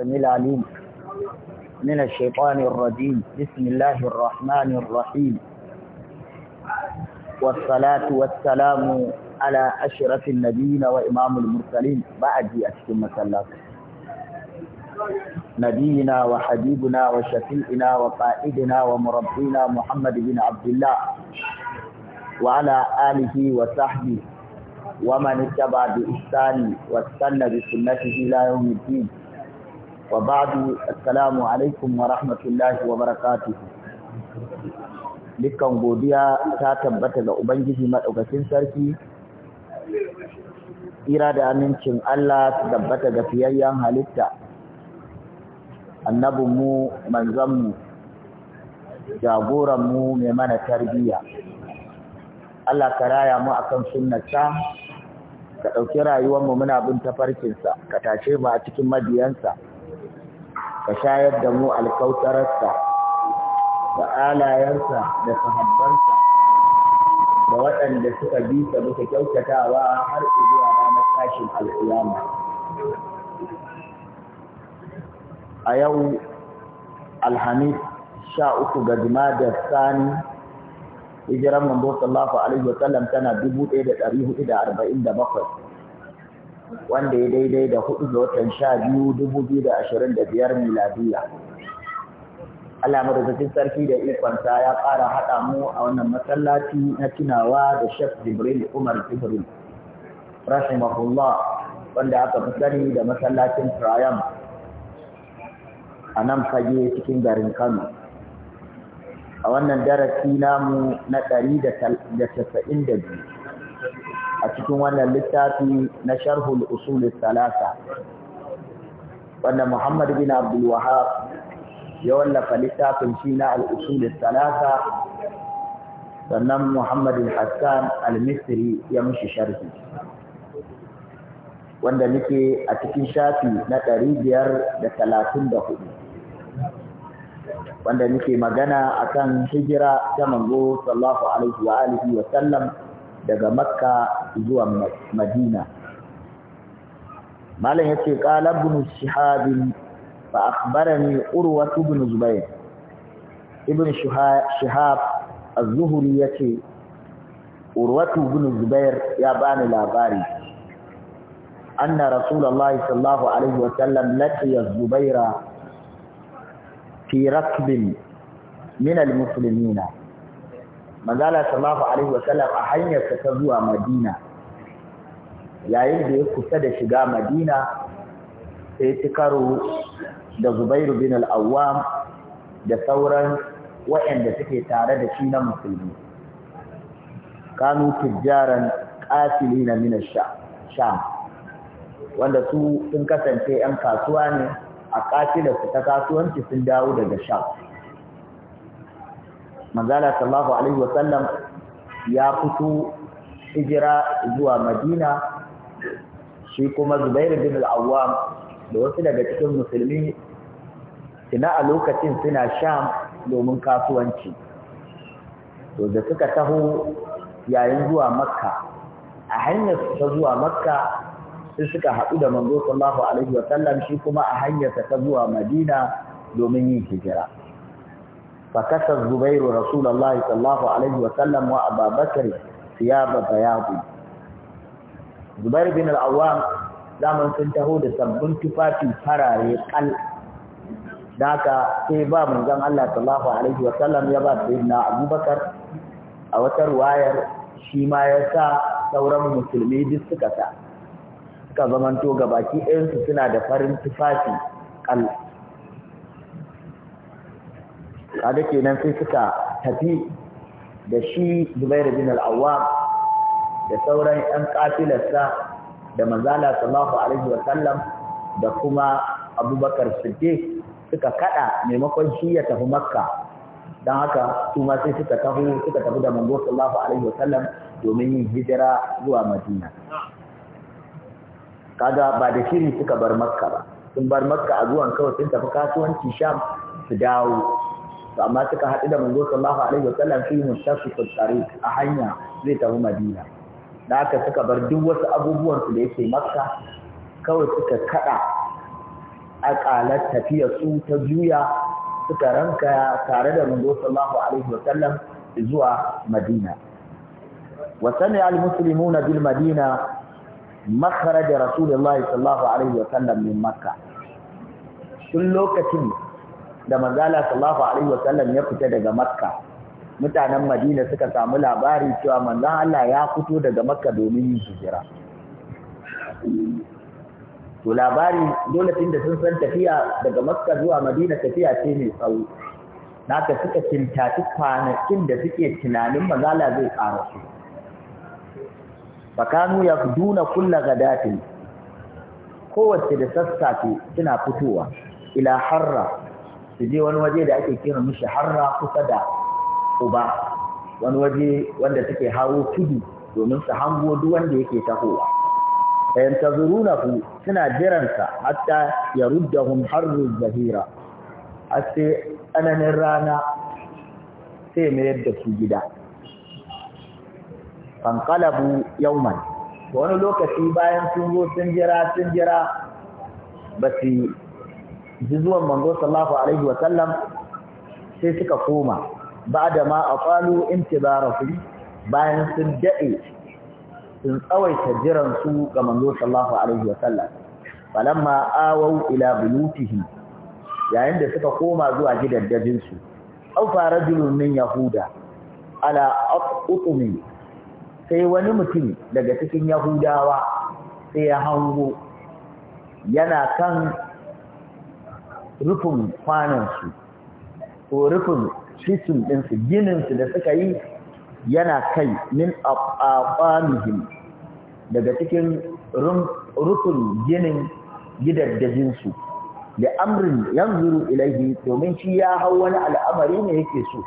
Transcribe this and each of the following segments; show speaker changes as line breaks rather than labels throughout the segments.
السميع العليم من الشيطان الرجيم بسم الله الرحمن الرحيم والصلاة والسلام على أشرف النبيين وإمام المرسلين بعد أشكم مسلاك نبينا وحبيبنا وشفيئنا وقائدنا ومربينا محمد بن عبد الله وعلى آله وصحبه ومن اتبع بإحسان واستنى بسنته إلى يوم الدين Wa وبعد السلام alaikum wa rahmatullahi wa barakatuh dukkan godiya ta tabbata ga ubangiji madaukakin sarki ira da amincin Allah ta tabbata ga fiyayyen halitta annabinmu manzanmu jagoranmu mai mana tarbiyya Allah ka raya mu akan sunnarsa ka ɗauki rayuwarmu muna bin tafarkinsa ka tashe mu a cikin mabiyansa ka shayar da mu alkautararsa da alayensa da sahabbansa da waɗanda suka bi sa muka kyautatawa har zuwa ranar tashin alƙiyama a yau alhamis sha uku ga jimadar sani hijiran manzo sallallahu alaihi wa sallam tana bakwai. wanda ya daidai da hudu da watan sha biyu dubu biyu da ashirin da biyar miladiya. Allah madaukakin sarki da ikonsa ya ƙara haɗa mu a wannan masallaci na tunawa da Sheikh Jibril Umar Jibril rahimahullah wanda aka fi sani da masallacin Trayam a nan fage cikin garin Kano. A wannan darasi namu na ɗari da casa'in da biyu a cikin wannan littafi na sharhul usul salasa wanda Muhammad bin Abdul ya wallafa littafin shi na al-usul salasa sannan Muhammad Hassan al-Misri ya mishi sharhi wanda nake a cikin shafi na 534 wanda nake magana akan hijira ta manzo sallallahu alaihi wa alihi wa sallam daga makka zuwa madina malam ya yace qala ibn shihab fa akhbarani urwa ibn zubayr ibn shihab az ya ce, urwa ibn zubair ya bani labari An na rasulullahi sallahu alaihi wa sallam laqiya zubaira fi rakbin min al-muslimina manzala sallallahu alaihi wasallam a hanyarsa ta zuwa madina yayin da ya kusa da shiga madina sai tikaru karo da zubairu bin al-awwam da sauran waɗanda suke tare da shi na musulmi kanu tijjaran ƙasili na sham wanda su sun kasance ‘yan kasuwa ne a su ta kasuwanci sun dawo daga sham manzala sallallahu alaihi wasallam ya fito hijira zuwa madina shi kuma zubairu bin al-awwam da wasu daga cikin musulmi ina a lokacin suna sham domin kasuwanci to da suka taho yayin zuwa makka a hanyar ta zuwa makka sai suka haɗu da manzo sallallahu alaihi wasallam shi kuma a hanyarsa ta zuwa madina domin yin hijira فكسى الزبير رسول الله صلى الله عليه وسلم وأبا بكر ثياب بياض زبير بن العوام zaman sun da sabbin tufafi farare kal da haka sai ba manzon Allah sallallahu ya ba sayyidina Abubakar a wata ruwayar shi ma ya sa sauran musulmi duk suka sa suka zamanto gabaki ɗayansu suna da farin tufafi kal kaga kenan sai suka tafi da shi Zubair bin al-Awwam da sauran ɗan kafilarsa da manzala sallallahu alaihi wa sallam da kuma Abubakar Siddiq suka kada maimakon shi ya tafi Makka dan haka su ma sai suka tafi suka tafi da manzo sallallahu alaihi wa sallam domin yin hijira zuwa Madina kaga ba da shiri suka bar Makka ba sun bar Makka a zuwan kawai sun tafi kasuwanci Sham su dawo to amma suka haɗu da manzo sallallahu alaihi wasallam fi mushtaqiqut tariq a hanya zai tafi Madina da haka suka bar duk wasu abubuwan su da yake Makka kawai suka kada akalar tafiya su ta juya suka ranka tare da manzo sallallahu alaihi wasallam zuwa Madina wa sami'a al-muslimuna bil Madina makharaj rasulullahi sallallahu alaihi wasallam min Makka sun lokacin da manzala sallallahu alaihi wasallam ya fita daga makka mutanen madina suka samu labari cewa manzan Allah ya fito daga makka domin yin hijira to labari dole tun sun san tafiya daga makka zuwa madina tafiya ce mai tsawo naka suka kintaci kwanakin da suke tunanin manzala zai fara su fakanu ya duna kulla gadatin kowace da sassafe suna fitowa ila harra su je wani waje da ake kira mishi harra kusa da uba wani waje wanda suke hawo tudu domin su hango duk wanda yake tahowa ku, suna jiransa hatta ya ruddahum harru zahira har tsananin rana sai mayar da su gida fanqalabu yawman wani lokaci bayan sun zo sun jira sun jira ba zuwan manzo sallallahu alaihi wa sallam sai suka koma ba'da ma aqalu intibarahu bayan sun dade sun tsawaita jiran su ga manzo sallallahu alaihi wa sallam falamma awau ila bulutihi yayin da suka koma zuwa gidaddajin su au farajulun min yahuda ala aqutumi sai wani mutum daga cikin yahudawa sai ya hango yana kan rufin kwanansu ko rufin cikin ɗinsu gininsu da suka yi yana kai min aqamihim daga cikin rufin ginin gidaddajinsu da amrin zuru ilaihi domin shi ya hau wani al'amari ne yake so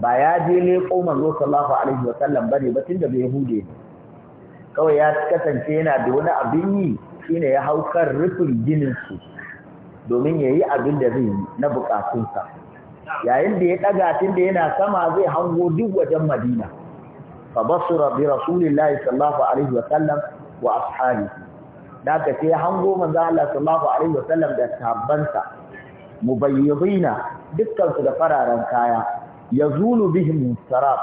ba ya je leƙo manzo sallallahu alaihi wa sallam ne ba tunda bai hude kawai ya kasance yana da wani abin yi shine ya hau kan rufin ginin su domin ya yi abin da zai yi na bukatunsa yayin da ya ɗaga tun da yana sama zai hango duk wajen madina fa basura bi rasulillahi sallallahu alaihi wa sallam wa ashabi da ka hango manzo Allah sallallahu alaihi wa sallam da sahabbansa mubayyidina dukkan su da fararen kaya yazulu bihim sarab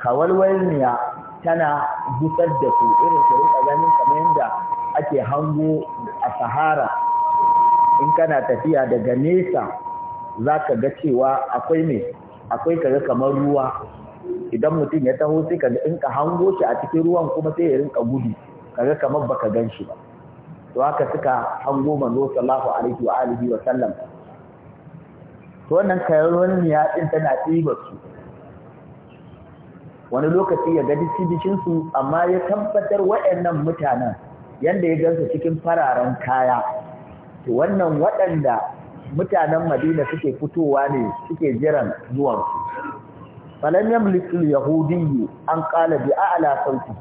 kawalwalniya tana gusar da su irin su rinka ganin kamar yadda ake hango a sahara in kana tafiya daga nesa za ka ga cewa akwai mai akwai kaga kamar ruwa idan mutum ya taho sai kaga in ka hango shi a cikin ruwan kuma sai ya rinka gudu kaga kamar baka gan shi ba to haka suka hango manzo sallallahu alaihi wa alihi wa sallam to wannan kayarwar niya din tana tsiba su wani lokaci ya ga dicibicin su amma ya tabbatar waɗannan mutanen yanda ya gansu cikin fararen kaya wannan waɗanda mutanen madina suke fitowa ne suke jiran zuwan su falam yamliku yahudi an kala bi a'la sauti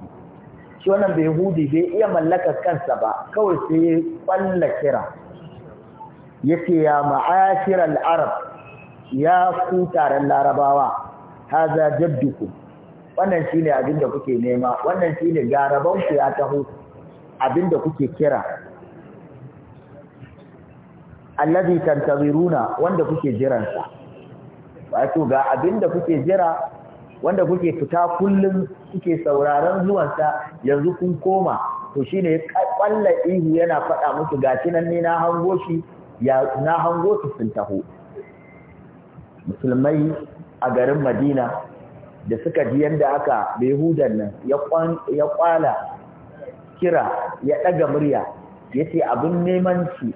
shi wannan bai yahudi bai iya mallakar kansa ba kawai sai ya kwalla kira yace ya ma'ashir al-arab ya ku taron larabawa haza jaddukum wannan shine abin da kuke nema wannan shine garaban ya taho abinda kuke kira allazi tantaziruna wanda kuke jiran sa wato ga abinda kuke jira wanda kuke fita kullum kuke sauraron zuwan sa yanzu kun koma to shine ya kalla ihu yana faɗa muku gashi nan ne na hango shi ya na hango shi sun taho musulmai a garin Madina da suka ji yanda aka behudan nan ya kwala kira ya ɗaga murya yace ce abin neman shi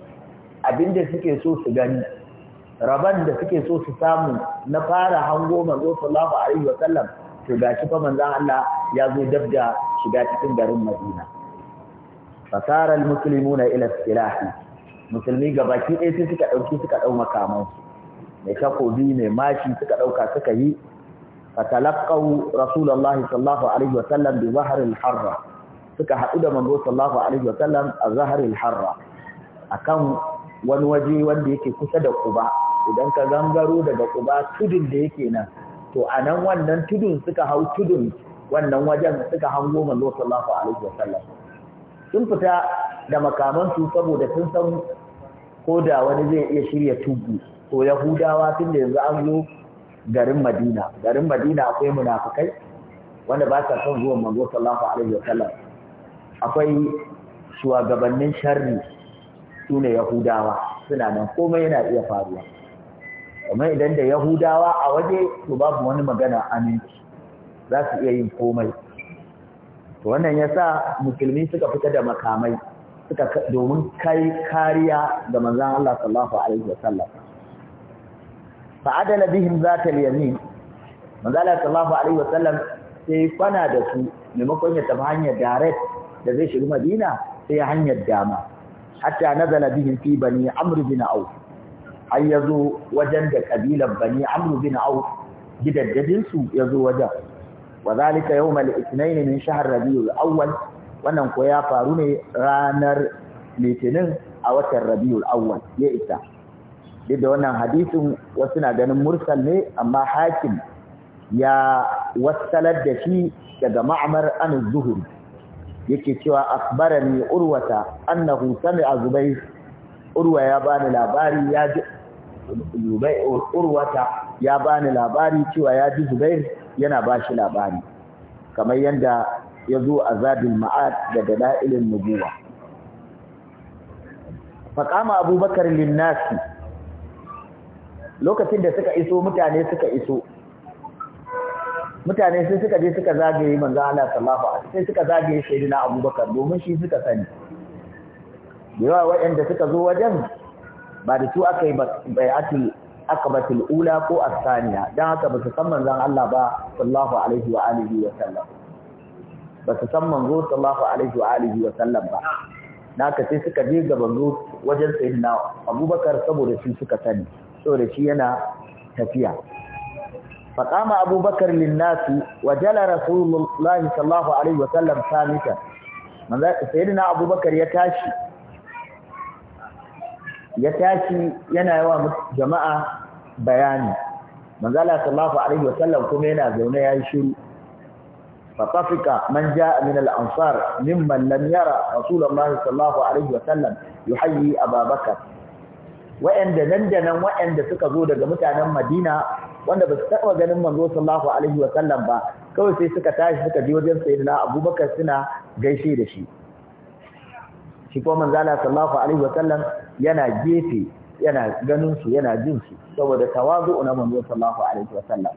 abinda suke so su gani raban da suke so su samu na fara hango manzo sallallahu alaihi wa sallam to gashi fa manzon Allah ya zo dabda shiga cikin garin Madina fasara almuslimuna ila istilahi musulmi gabaki ɗaya sai suka dauki suka dau makaman mai takobi mai mashi suka dauka suka yi fatalaqaw rasulullahi sallallahu alaihi wa sallam bi zahr harra suka haɗu da manzo sallallahu alaihi wa sallam a zahr harra akan wani waje wanda yake kusa da kuba idan ka gangaro daga kuba tudun da yake nan to a nan wannan tudun suka hau tudun wannan wajen suka hango manzo sallallahu alaihi wasallam sun fita da makamansu saboda sun san ko da wani zai iya shirya tubu to yahudawa tun da yanzu an zo garin madina garin madina akwai munafikai wanda ba sa son zuwan manzo sallallahu alaihi wasallam akwai shugabannin sharri su yahudawa suna nan komai yana iya faruwa amma idan da yahudawa a waje to babu wani magana aminci za su iya yin komai to wannan ya musulmi suka fita da makamai suka domin kai kariya ga Manzon Allah sallallahu alaihi wasallam adala bihim zatal yamin Manzon Allah sallallahu alaihi wasallam sai kwana da su maimakon ya tafi hanyar direct da zai shiga Madina sai hanyar dama hatta nazala bihi fi bani amr bin auf har yazo wajen da kabilan bani Amru bin auf Gidaddabinsu, su yazo wajen Wazalika yawm al-ithnain min shahr awwal wannan ko ya faru ne ranar litinin a watan rabiul awwal ya isa duk wannan hadisin wasu na ganin mursal ne amma hakim ya wasalar da shi daga ma'amar an zuhuri yake cewa akbarani urwata annahu sami'a zubair urwa ya bani labari ya ji urwata ya bani labari cewa ya ji zubair yana bashi labari kamar yanda ya zo a zabin ma'ad da dalailin nubuwa Faƙama abubakar linnasi lokacin da suka iso mutane suka iso mutane sai suka je suka zagaye manzo Allah sallallahu alaihi sai suka zagaye sayyidina Abubakar domin shi suka sani yawa wanda suka zo wajen ba da su aka yi akbatul ula ko asaniya dan haka ba su san manzo Allah ba sallallahu alaihi wa alihi wa sallam ba su san manzo sallallahu alaihi wa alihi wa sallam ba naka sai suka je ga manzo wajen sayyidina Abubakar saboda shi suka sani saboda shi yana tafiya فقام أبو بكر للناس وجل رسول الله صلى الله عليه وسلم ثابتا سيدنا أبو بكر يتاشي يتاشي ينايوا جماعة بياني من قال صلى الله عليه وسلم كمينا زونا يشير فطفق من جاء من الأنصار ممن لم يرى رسول الله صلى الله عليه وسلم يحيي أبا بكر وإن دندنا وإن دسك زودة متعنا مدينة wanda ba su taɓa ganin manzo sallallahu alaihi wa sallam ba kawai sai suka tashi suka ji wajen sayyidina abubakar suna gaishe da shi shi kuma manzo sallallahu alaihi wa sallam yana gefe yana ganin su yana jin su saboda tawazu na manzo sallallahu alaihi wa sallam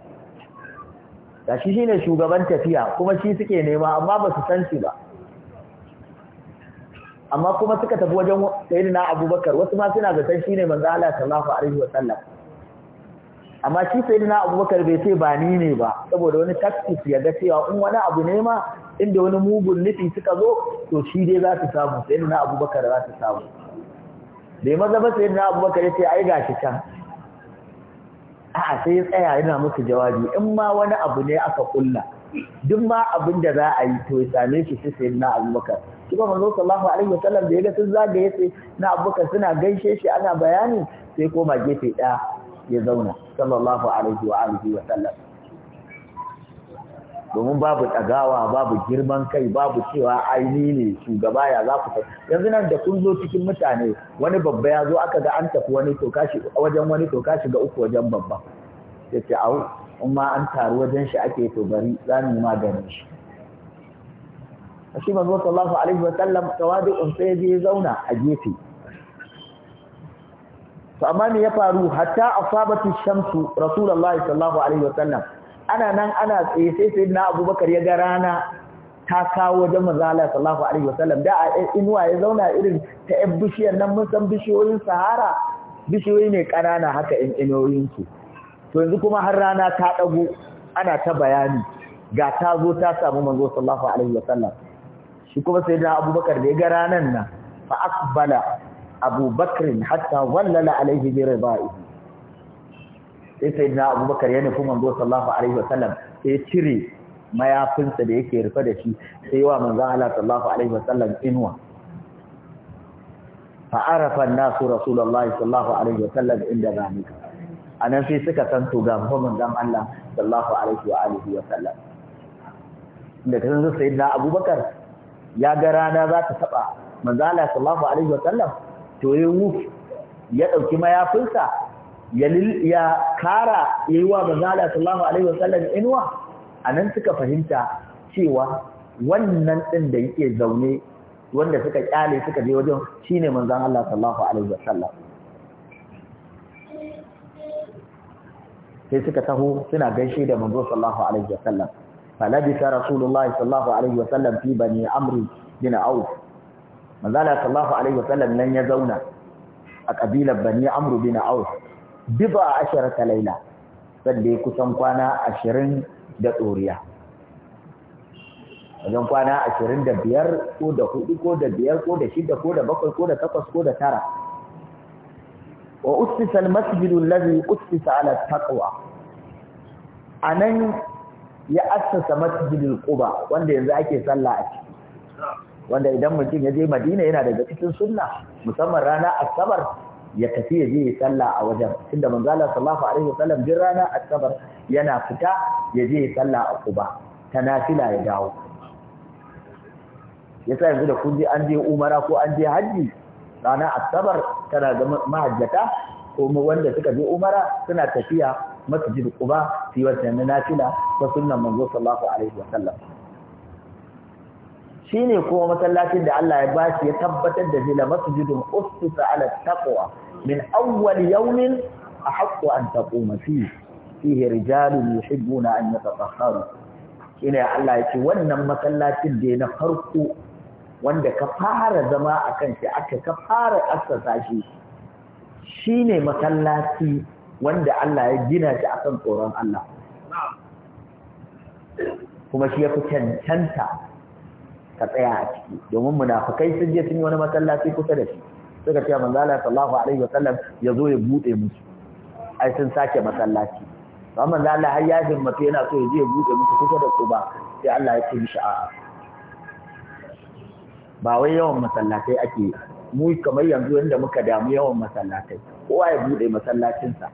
da shi shine shugaban tafiya kuma shi suke nema amma ba su san shi ba amma kuma suka tafi wajen sayyidina abubakar wasu ma suna zaton shine manzo sallallahu alaihi wa sallam amma shi sai na abubakar bai ce ba ni ne ba saboda wani taktis ya ga cewa in wani abu ne ma inda wani mugun nufi suka zo to shi dai za su samu sai na abubakar za su samu bai maza ba sai na abubakar ya ce ai gashi can a'a sai ya tsaya yana musu jawabi in ma wani abu ne aka kulla duk ma abin da za a yi to ya same shi shi sai na abubakar shi ba manzo sallallahu alaihi wasallam da ya ga sun zagaye sai na abubakar suna gaishe shi ana bayani sai koma gefe ɗaya ya zauna sallallahu alaihi wa alihi wa sallam domin babu tsagawa babu girman kai babu cewa aini ne shugaba ya za ku ta yanzu nan da kun zo cikin mutane wani babba ya zo aka ga an tafi wani to kashi wajen wani to kashi ga uku wajen babba yace au in ma an taru wajen shi ake to bari za mu maganin shi shi manzo sallallahu alaihi wa sallam tawadu'un sai ya zauna a gefe to amma me ya faru hatta asabatu shamsu rasulullahi sallallahu alaihi wasallam ana nan ana tsaye sai sayyidina abubakar ya ga rana ta kawo wajen manzo Allah sallallahu alaihi wasallam da a inuwa ya zauna irin ta yan bishiyar nan mun san bishiyoyin sahara bishiyoyi ne kanana haka in inoyin su to yanzu kuma har rana ta dago ana ta bayani ga ta zo ta samu manzo sallallahu alaihi wasallam shi kuma sayyidina abubakar da ya ga ranan nan fa akbala Abu Bakirin hatta wallala alaihi bi bai sai sayyidina abubakar ya nufi manzo sallallahu alaihi wasallam sai cire mayafinsa da yake rufe da shi sai yi wa manzo Allah sallallahu alaihi wasallam inwa fa arafa an-nasu rasulullahi sallallahu alaihi wasallam inda A nan sai suka san to ga manzo Allah sallallahu alaihi wa alihi wasallam da kan sayyidina abubakar ya ga rana za ta taba manzo Allah sallallahu alaihi wasallam to ya wuf ya ɗauki mayafinsa ya kara ya yi wa manzala sallallahu alaihi wasallam inuwa a nan suka fahimta cewa wannan ɗin da yake zaune wanda suka kyale suka je wajen shine manzon Allah sallallahu alaihi wasallam sai suka taho suna gaishe da manzo sallallahu alaihi wasallam falabisa rasulullahi sallallahu alaihi wasallam fi bani amri bin auf manzala sallallahu alaihi wasallam nan ya zauna a kabilar bani amru bin auf biba ta laila sanda ya kusan kwana ashirin da tsoriya wajen kwana ashirin ko da hudu ko da biyar ko da 6 ko da bakwai ko da takwas ko da tara wa ussisa almasjidu alladhi ussisa ala taqwa anan ya assasa masjidul quba wanda yanzu ake sallah a ciki wanda idan mutum ya je Madina yana daga cikin sunna musamman rana Asabar ya tafi ya je ya salla a wajen tunda manzo Allah sallallahu alaihi wasallam din rana Asabar yana fita ya je ya salla a Quba ta nafila ya dawo yasa yanzu da kun je an je Umara ko an je Hajji rana Asabar tana ga mahajjata ko wanda suka je Umara suna tafiya masjid Quba fi wannan nafila ta sunnan manzo sallallahu alaihi wasallam shine kuma masallacin da Allah ya bashi ya tabbatar da zila masjidun ussisa ala taqwa min awwal yawmin ahaqqu an taquma fihi fihi rijalun yuhibbuna an yatatahharu shine Allah ya ce wannan masallacin da na farko wanda ka fara zama a kan shi aka ka fara assasa shi shine masallaci wanda Allah ya gina shi akan tsoron Allah kuma shi ya fi cancanta ka tsaya a ciki domin munafikai sun je sun yi wani masallaci kusa da shi suka ce manzo Allah sallallahu alaihi sallam! ya zo ya bude musu ai sun sake masallaci ba manzo Allah har ya himmatu yana so ya je ya bude musu kusa da ba sai Allah ya ce mishi a ba wai yawan masallatai ake mu kamar yanzu inda muka damu yawan masallatai kowa ya bude masallacinsa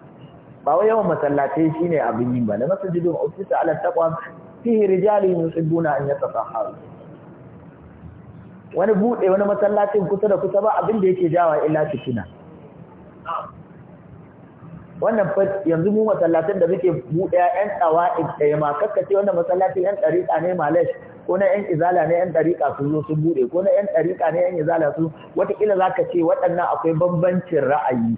ba wai yawan masallatai shine abin yin ba na masajidun ofisa ala taqwa fi rijali yuhibbuna an yatatahharu wani buɗe wani masallacin kusa da kusa ba abin da yake jawa illa fitina wannan fa yanzu mu masallacin da muke buɗe ƴan da ɗaya ma kakkace wannan masallacin ƴan ɗariƙa ne malash ko na ƴan izala ne ƴan ɗariƙa sun zo su buɗe ko na ƴan ɗariƙa ne ƴan izala su wataƙila za ka ce waɗannan akwai bambancin ra'ayi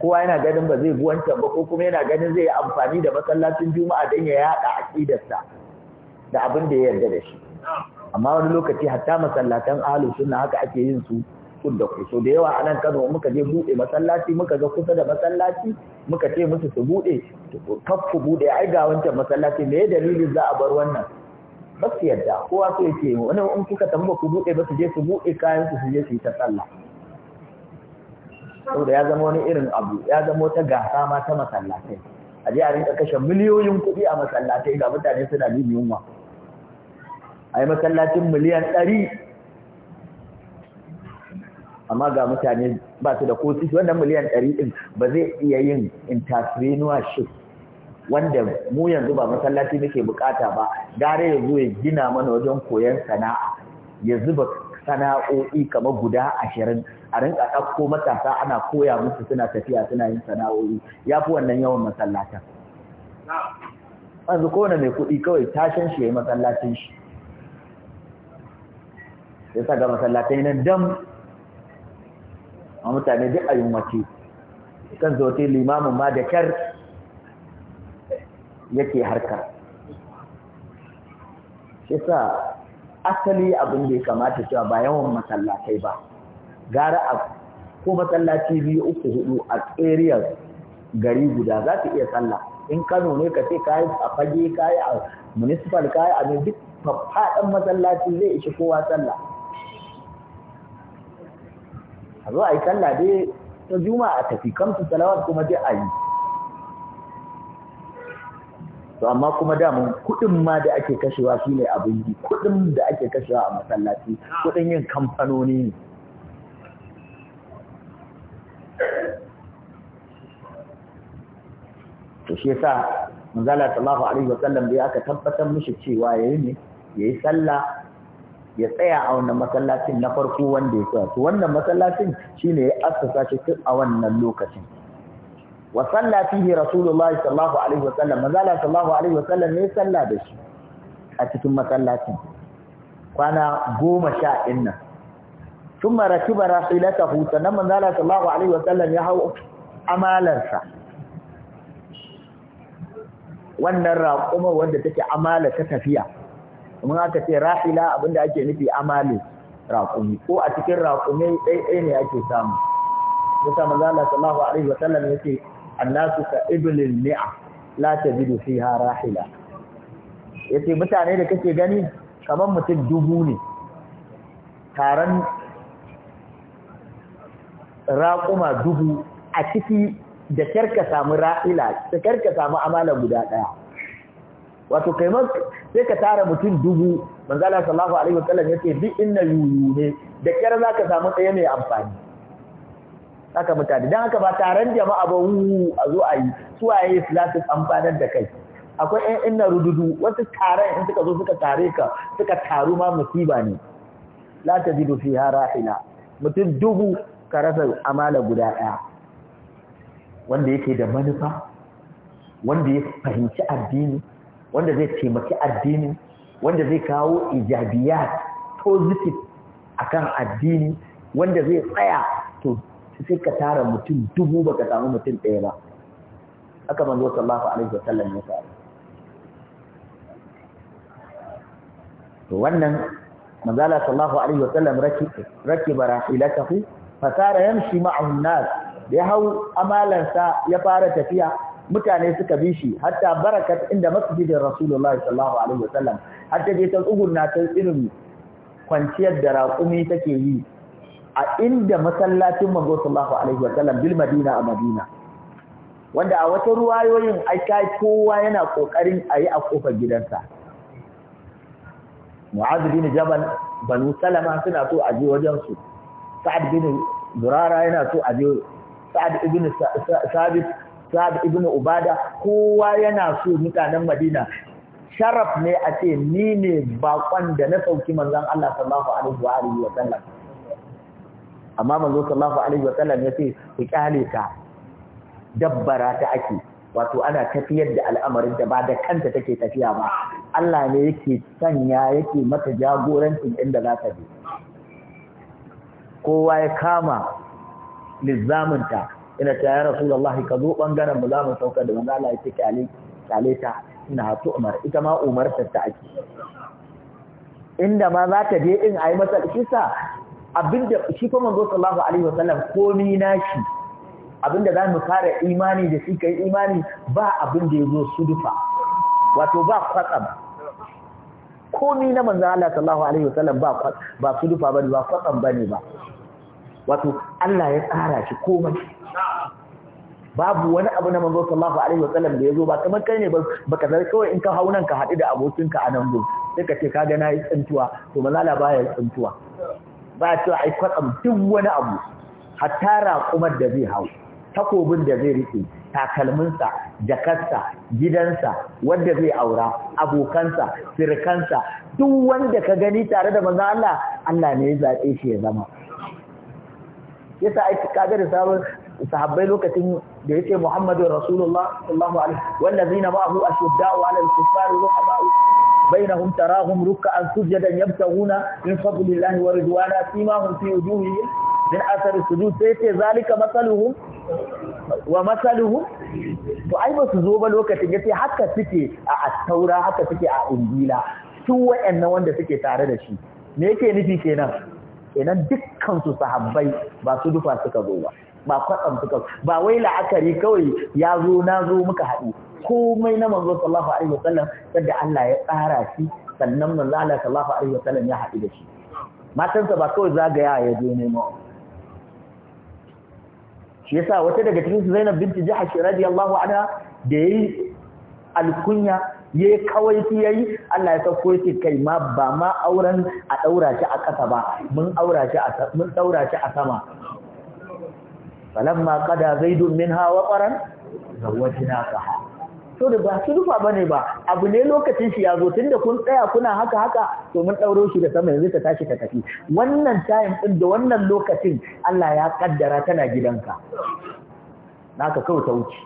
kowa yana ganin ba zai bi wancan ba ko kuma yana ganin zai yi amfani da masallacin juma'a don ya yaɗa aƙidarsa da abin da ya yarda da shi. amma wani lokaci hatta masallatan ahlus sunna haka ake yin su kun da ku so da yawa a nan Kano muka je bude masallaci muka ga kusa da masallaci muka ce musu su bude kafu bude ai ga wancan masallaci me dalilin za a bar wannan ba su yadda kowa su yake wani in kuka tamba ku bude ba su je su bude kayan su su je su yi ta sallah saboda ya zama wani irin abu ya zama wata gasa ma ta masallatai a je a rinka kashe miliyoyin kuɗi a masallatai ga mutane suna bin yunwa a yi masallacin miliyan ɗari amma ga mutane ba su da kosis wannan miliyan ɗari ɗin ba zai iya yin entrepreneurship wanda mu yanzu ba masallaci muke bukata ba gare ya zo ya gina mana wajen koyon sana'a ya zuba sana'o'i kamar guda ashirin a rinka ɗauko matasa ana koya musu suna tafiya suna yin sana'o'i ya fi wannan yawan masallacin. yanzu kowane mai kuɗi kawai tashin shi ya yi masallacin shi ya sa ga masallatai nan dam a mutane duk a mace kan zote limamin ma da kyar yake harka shi sa asali abin da ya kamata cewa ba yawan masallatai ba gara a ko masallaci biyu uku hudu a tseriyar gari guda za ta iya sallah in kano ne ka ce kayi a fage kayi a municipal kayi a duk faɗin masallaci zai ishi kowa sallah a zo a yi kalla dai ta juma a tafi kamsu salawat kuma dai a yi to amma kuma damun kudin ma da ake kashewa shi ne abin yi kudin da ake kashewa a masallaci kudin yin kamfanoni ne to shi yasa manzala a alaihi wasallam da aka tabbatar mishi cewa ya yi ne ya yi sallah ya tsaya a wannan masallacin na farko wanda ya tsaya to wannan masallacin shi ne ya assasa shi tun a wannan lokacin wa salla fihi rasulullah sallallahu alaihi wa sallam manzala sallallahu alaihi wa sallam ne salla da shi a cikin masallacin kwana goma sha ɗin nan ثم ركب راحلته سنن منزلا صلى alaihi wa sallam ya hau amalarsa wannan raƙuma wanda take amala ta tafiya mun aka ce rahila abinda ake nufi amali raƙumi ko a cikin raƙumi ɗaiɗai ne ake samu kuma manzo Allah sallallahu alaihi wasallam ya ce annasu ka iblil ni'a la tajidu fiha rahila yace mutane da kake gani kaman mutum dubu ne taron raƙuma dubu a ciki da karka samu ra'ila da karka samu amala guda ɗaya wato kai sai ka tara mutum dubu manzala sallallahu alaihi wasallam yace bi inna yuyune ne da kyar zaka samu tsaye mai amfani haka mutane dan haka ba taron jama'a ba wu a zo a yi su waye islamic amfani da kai akwai ɗan inna rududu wasu taron in suka zo suka tare ka suka taru ma musiba ne la tajidu fi rahila mutum dubu ka rasa amala guda ɗaya wanda yake da manufa wanda ya fahimci addini wanda zai taimaki addini wanda zai kawo ijabiya positive akan addini wanda zai tsaya to sai ka tara mutum dubu baka samu mutum ɗaya ba aka manzo sallallahu alaihi sallam ya faru to wannan manzala sallallahu alaihi wasallam raki raki barahilatahu fasara yamshi ma'ahu nas ya hau sa ya fara tafiya mutane suka bi shi hatta barakat inda masjidin rasulullahi sallallahu alaihi wasallam hatta dai ta na ta irin kwanciyar da raƙumi take yi a inda masallacin manzo sallallahu alaihi wasallam bil madina a madina wanda a wata ruwayoyin ai kai kowa yana kokarin ayi a kofar gidansa Mu'adh bin Jabal Banu Salama suna so a wajen su Sa'ad bin Durara yana so a Sa'ad ibn Sabit Sa'ad ibn Ubada kowa yana so mutanen Madina sharaf ne a ce ni ne bakon da na sauki manzon Allah sallallahu alaihi wa alihi wa sallam amma manzon sallallahu alaihi wa sallam ce ku kyale ta dabbara ta ake wato ana tafiyar da al'amarin da ba da kanta take tafiya ba Allah ne yake sanya yake mata jagorancin inda za ta je kowa ya kama lizaminta ina ta ya rasulullahi ka zo bangaren mu za mu sauka da manzo Allah ya ce kyale kyale ta ina hatu umar ita ma umar ta ta ake inda ma za ta je in ayi masa kisa abinda shi kuma manzo sallallahu alaihi wasallam komai nashi abinda za mu fara imani da shi kai imani ba abin da yazo dufa wato ba kwatsam ni na manzo Allah sallallahu alaihi wasallam ba kwatsam ba sudufa bane ba kwatsam bane ba wato Allah ya tsara shi komai babu wani abu na manzo sallallahu alaihi Sallam da yazo ba kamar kai ne baka kazar kawai in ka hau nan ka haɗu da abokinka a nan go sai ka ce ka ga nayi tsintuwa to manzala baya tsintuwa ba ta ai kwatsam duk wani abu hatta raƙumar da zai hau takobin da zai rike takalminsa jakarsa gidansa wanda zai aura abokansa sirkansa duk wanda ka gani tare da manzo Allah Allah ne ya zabe shi ya zama yasa ai kaga da sabon sahabbai lokacin da yake Muhammadu Rasulullah sallallahu alaihi wallazina ma'ahu ashudda'u 'ala al-kuffari ruhama'u bainahum tarahum ruk'an sujadan yabtaghuna min fadlillahi wa ridwana simahum fi wujuhihim min athari sujud sai zalika masaluhum wa masaluhum to ai ba su zo ba lokacin yace haka suke a at-taura haka suke a injila su wayannan wanda suke tare da shi me yake nufi kenan kenan dukkan su sahabbai ba su dufa suka zo ba ba kwatsam suka ba wai la'akari kawai ya zo na zo muka haɗu komai na manzo sallallahu alaihi wasallam yadda Allah ya tsara shi sannan manzo Allah sallallahu alaihi wasallam ya haɗu da shi matansa ba kawai zagaya ya je nemo shi yasa wata daga cikin su Zainab binti Jahash radiyallahu anha da yayi alkunya ye kawai yayi Allah ya sauko ki kai ma ba ma auren a daura shi a ƙasa ba mun aura shi a mun daura shi a sama falamma qada zaidun minha wa qaran zawajnakaha to da ba su rufa bane ba abu ne lokacin shi ya zo tunda kun tsaya kuna haka haka to mun dauro shi da sama yanzu ta tashi ta tafi wannan tayin din da wannan lokacin Allah ya kaddara tana gidanka naka kawai ta wuce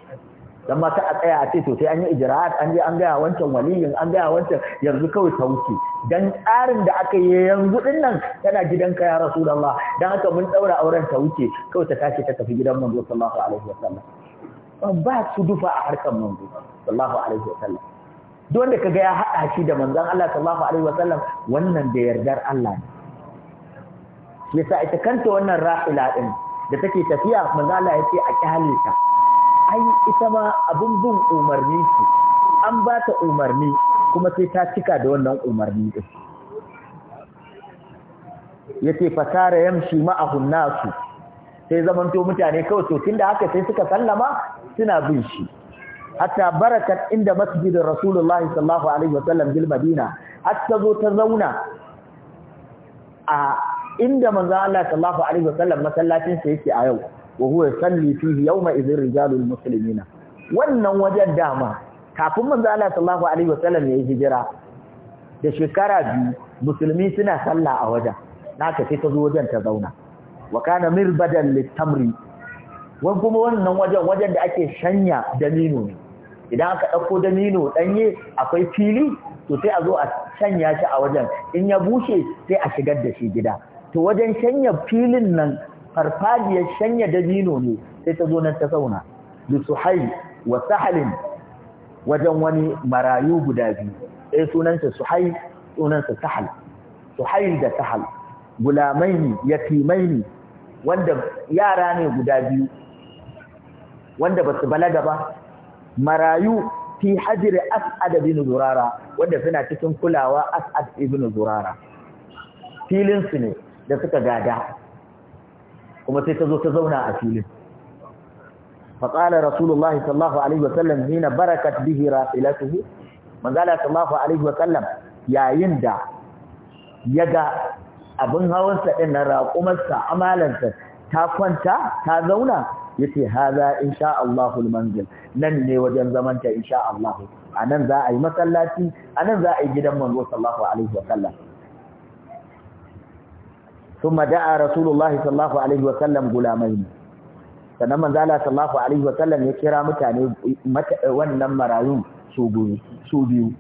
dan ma ta a tsaya a ce to sai an yi ijra'at an je an gaya wancan waliyin an gaya wancan yanzu kawai ta wuce dan tsarin da aka yi yanzu din nan tana gidanka ya rasulullah dan haka mun daura auren ta wuce kawai ta tashi ta tafi gidan manzo sallallahu alaihi wasallam ba su dufa a harkan manzo sallallahu alaihi wasallam duk wanda kaga ya hada shi da manzon Allah sallallahu alaihi wasallam wannan da yardar Allah ne yasa ita kanta wannan ra'ila din da take tafiya manzo Allah ya ce a kyale ta ai ita ma abin bin umarni ce an ba ta umarni kuma sai ta cika da wannan umarni din yace ma yamshi ma'ahun nasu sai zamanto mutane kawai to tunda haka sai suka sallama suna bin shi hatta barakat inda masjidin rasulullahi sallallahu alaihi sallam bil madina hatta zo ta zauna a inda manzo Allah sallallahu alaihi sallam masallacin sa yake a yau wa huwa yusalli fihi yawma idhin rijalul muslimina wannan wajen dama kafin manzo Allah sallallahu alaihi wasallam yayi hijira da shekara biyu musulmi suna sallah a wajen naka sai ta zo wajen ta zauna wa kana mirbadan litamri wa kuma wannan wajen wajen da ake shanya damino ne idan aka dauko damino danye akwai fili to sai a zo a shanya shi a wajen in ya bushe sai a shigar da shi gida to wajen shanya filin nan farfajiyar shanya dabino ne sai ta zo nan ta sauna. bi suhayl wa sahalin wajen wani marayu guda biyu ɗaya eh, sunansa suhai sunansa sahal suhai da sahal gulamai ne yatimai ne wanda yara ne guda biyu wanda ba su balaga ba marayu fi hajiri as'ad ibn zurara wanda suna cikin kulawa as'ad ibn zurara filin su ne da suka gada kuma sai ta zo ta zauna a filin faƙala rasulullahi sallallahu alaihi wasallam hina barakat bihi rafilatuhu manzala sallallahu alaihi wasallam yayin da ya ga abin hawansa ɗin na raƙumarsa amalansa ta kwanta ta zauna ya ce haza insha Allahul manzil nan ne wajen zamanta insha Allah a nan za a yi masallaci a nan za a yi gidan manzo sallallahu alaihi wasallam ثم دعا رسول الله صلى الله عليه وسلم غلامين sannan manzala sallallahu alaihi wa sallam ya kira mutane wannan marayun su biyu su biyu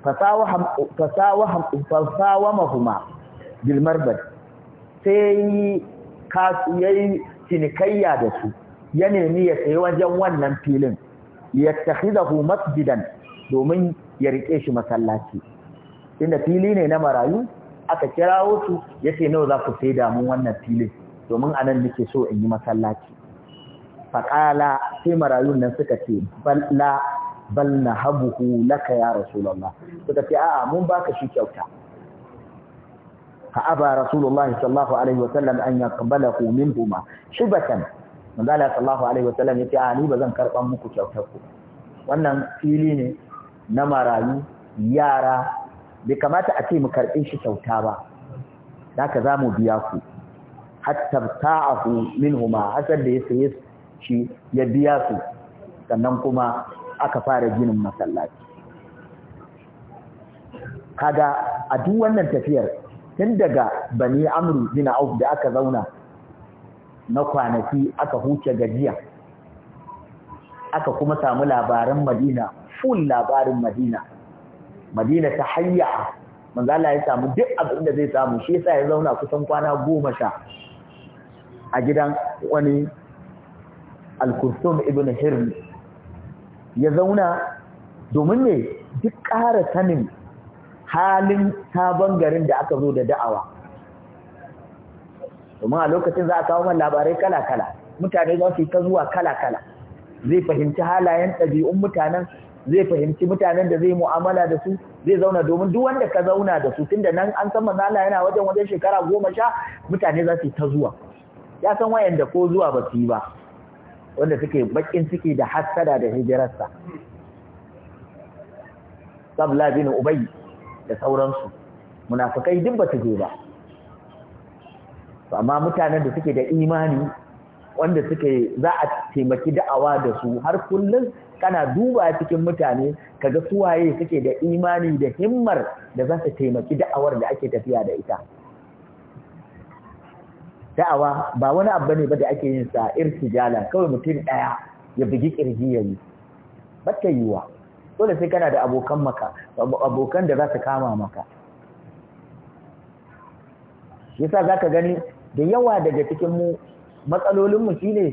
fasawahum fasawamahuma bil marbad sai ka yayi cinikayya da su ya nemi ya sayi wajen wannan filin Ya yattakhidahu masjidan domin ya rike shi masallaci inda fili ne na marayu aka kirawo su yace nawa za ku sai damun wannan filin domin anan nake so in yi masallaci faƙala sai marayun nan suka ce balla bal na habuhu laka ya rasulullah suka ce a'a mun baka shi kyauta fa aba rasulullah sallallahu alaihi wasallam an yaqbalahu minhuma shibatan manzala sallallahu alaihi wasallam yace a ni ba bazan karban muku kyautar ku wannan fili ne na marayu yara bai kamata a ce mu karɓe shi kyauta ba ka za mu biya ku hatta min huma hasan da ya saye shi ya biya su sannan kuma aka fara ginin masallaci kaga a duk wannan tafiyar tun daga bani amru bin auf da aka zauna na kwanaki aka huce gajiya aka kuma samu labarin madina full labarin madina madina ta hayya manzo Allah ya samu duk abin da zai samu shi yasa ya zauna kusan kwana goma sha a gidan wani al-Kusum ibn Hirm ya zauna domin ne duk ƙara sanin halin sabon garin da aka zo da da'awa domin a lokacin za a kawo man labarai kala-kala mutane za su yi ta zuwa kala-kala zai fahimci halayen ɗabi'un mutanen zai fahimci mutanen da zai mu'amala da su zai zauna domin duk wanda ka zauna da su tunda nan an san manzo yana wajen wajen shekara goma sha mutane za su yi ta zuwa ya san wayanda ko zuwa ba su yi ba wanda suke bakin ciki da hassada da hijirarsa Sabla bin Ubay da sauransu munafikai duk ba su je ba amma mutanen da suke da imani wanda suke za a taimaki da'awa da su har kullum kana duba cikin mutane kaga suwaye suke da imani da himmar da za su taimaki da'awar da ake tafiya da ita da'awa ba wani abu ne ba da ake yin sa irtijala kawai mutum daya ya bugi kirji yayi bakka yiwa dole sai kana da abokan maka abokan da za su kama maka yasa zaka gani da yawa daga cikin mu matsalolinmu shi ne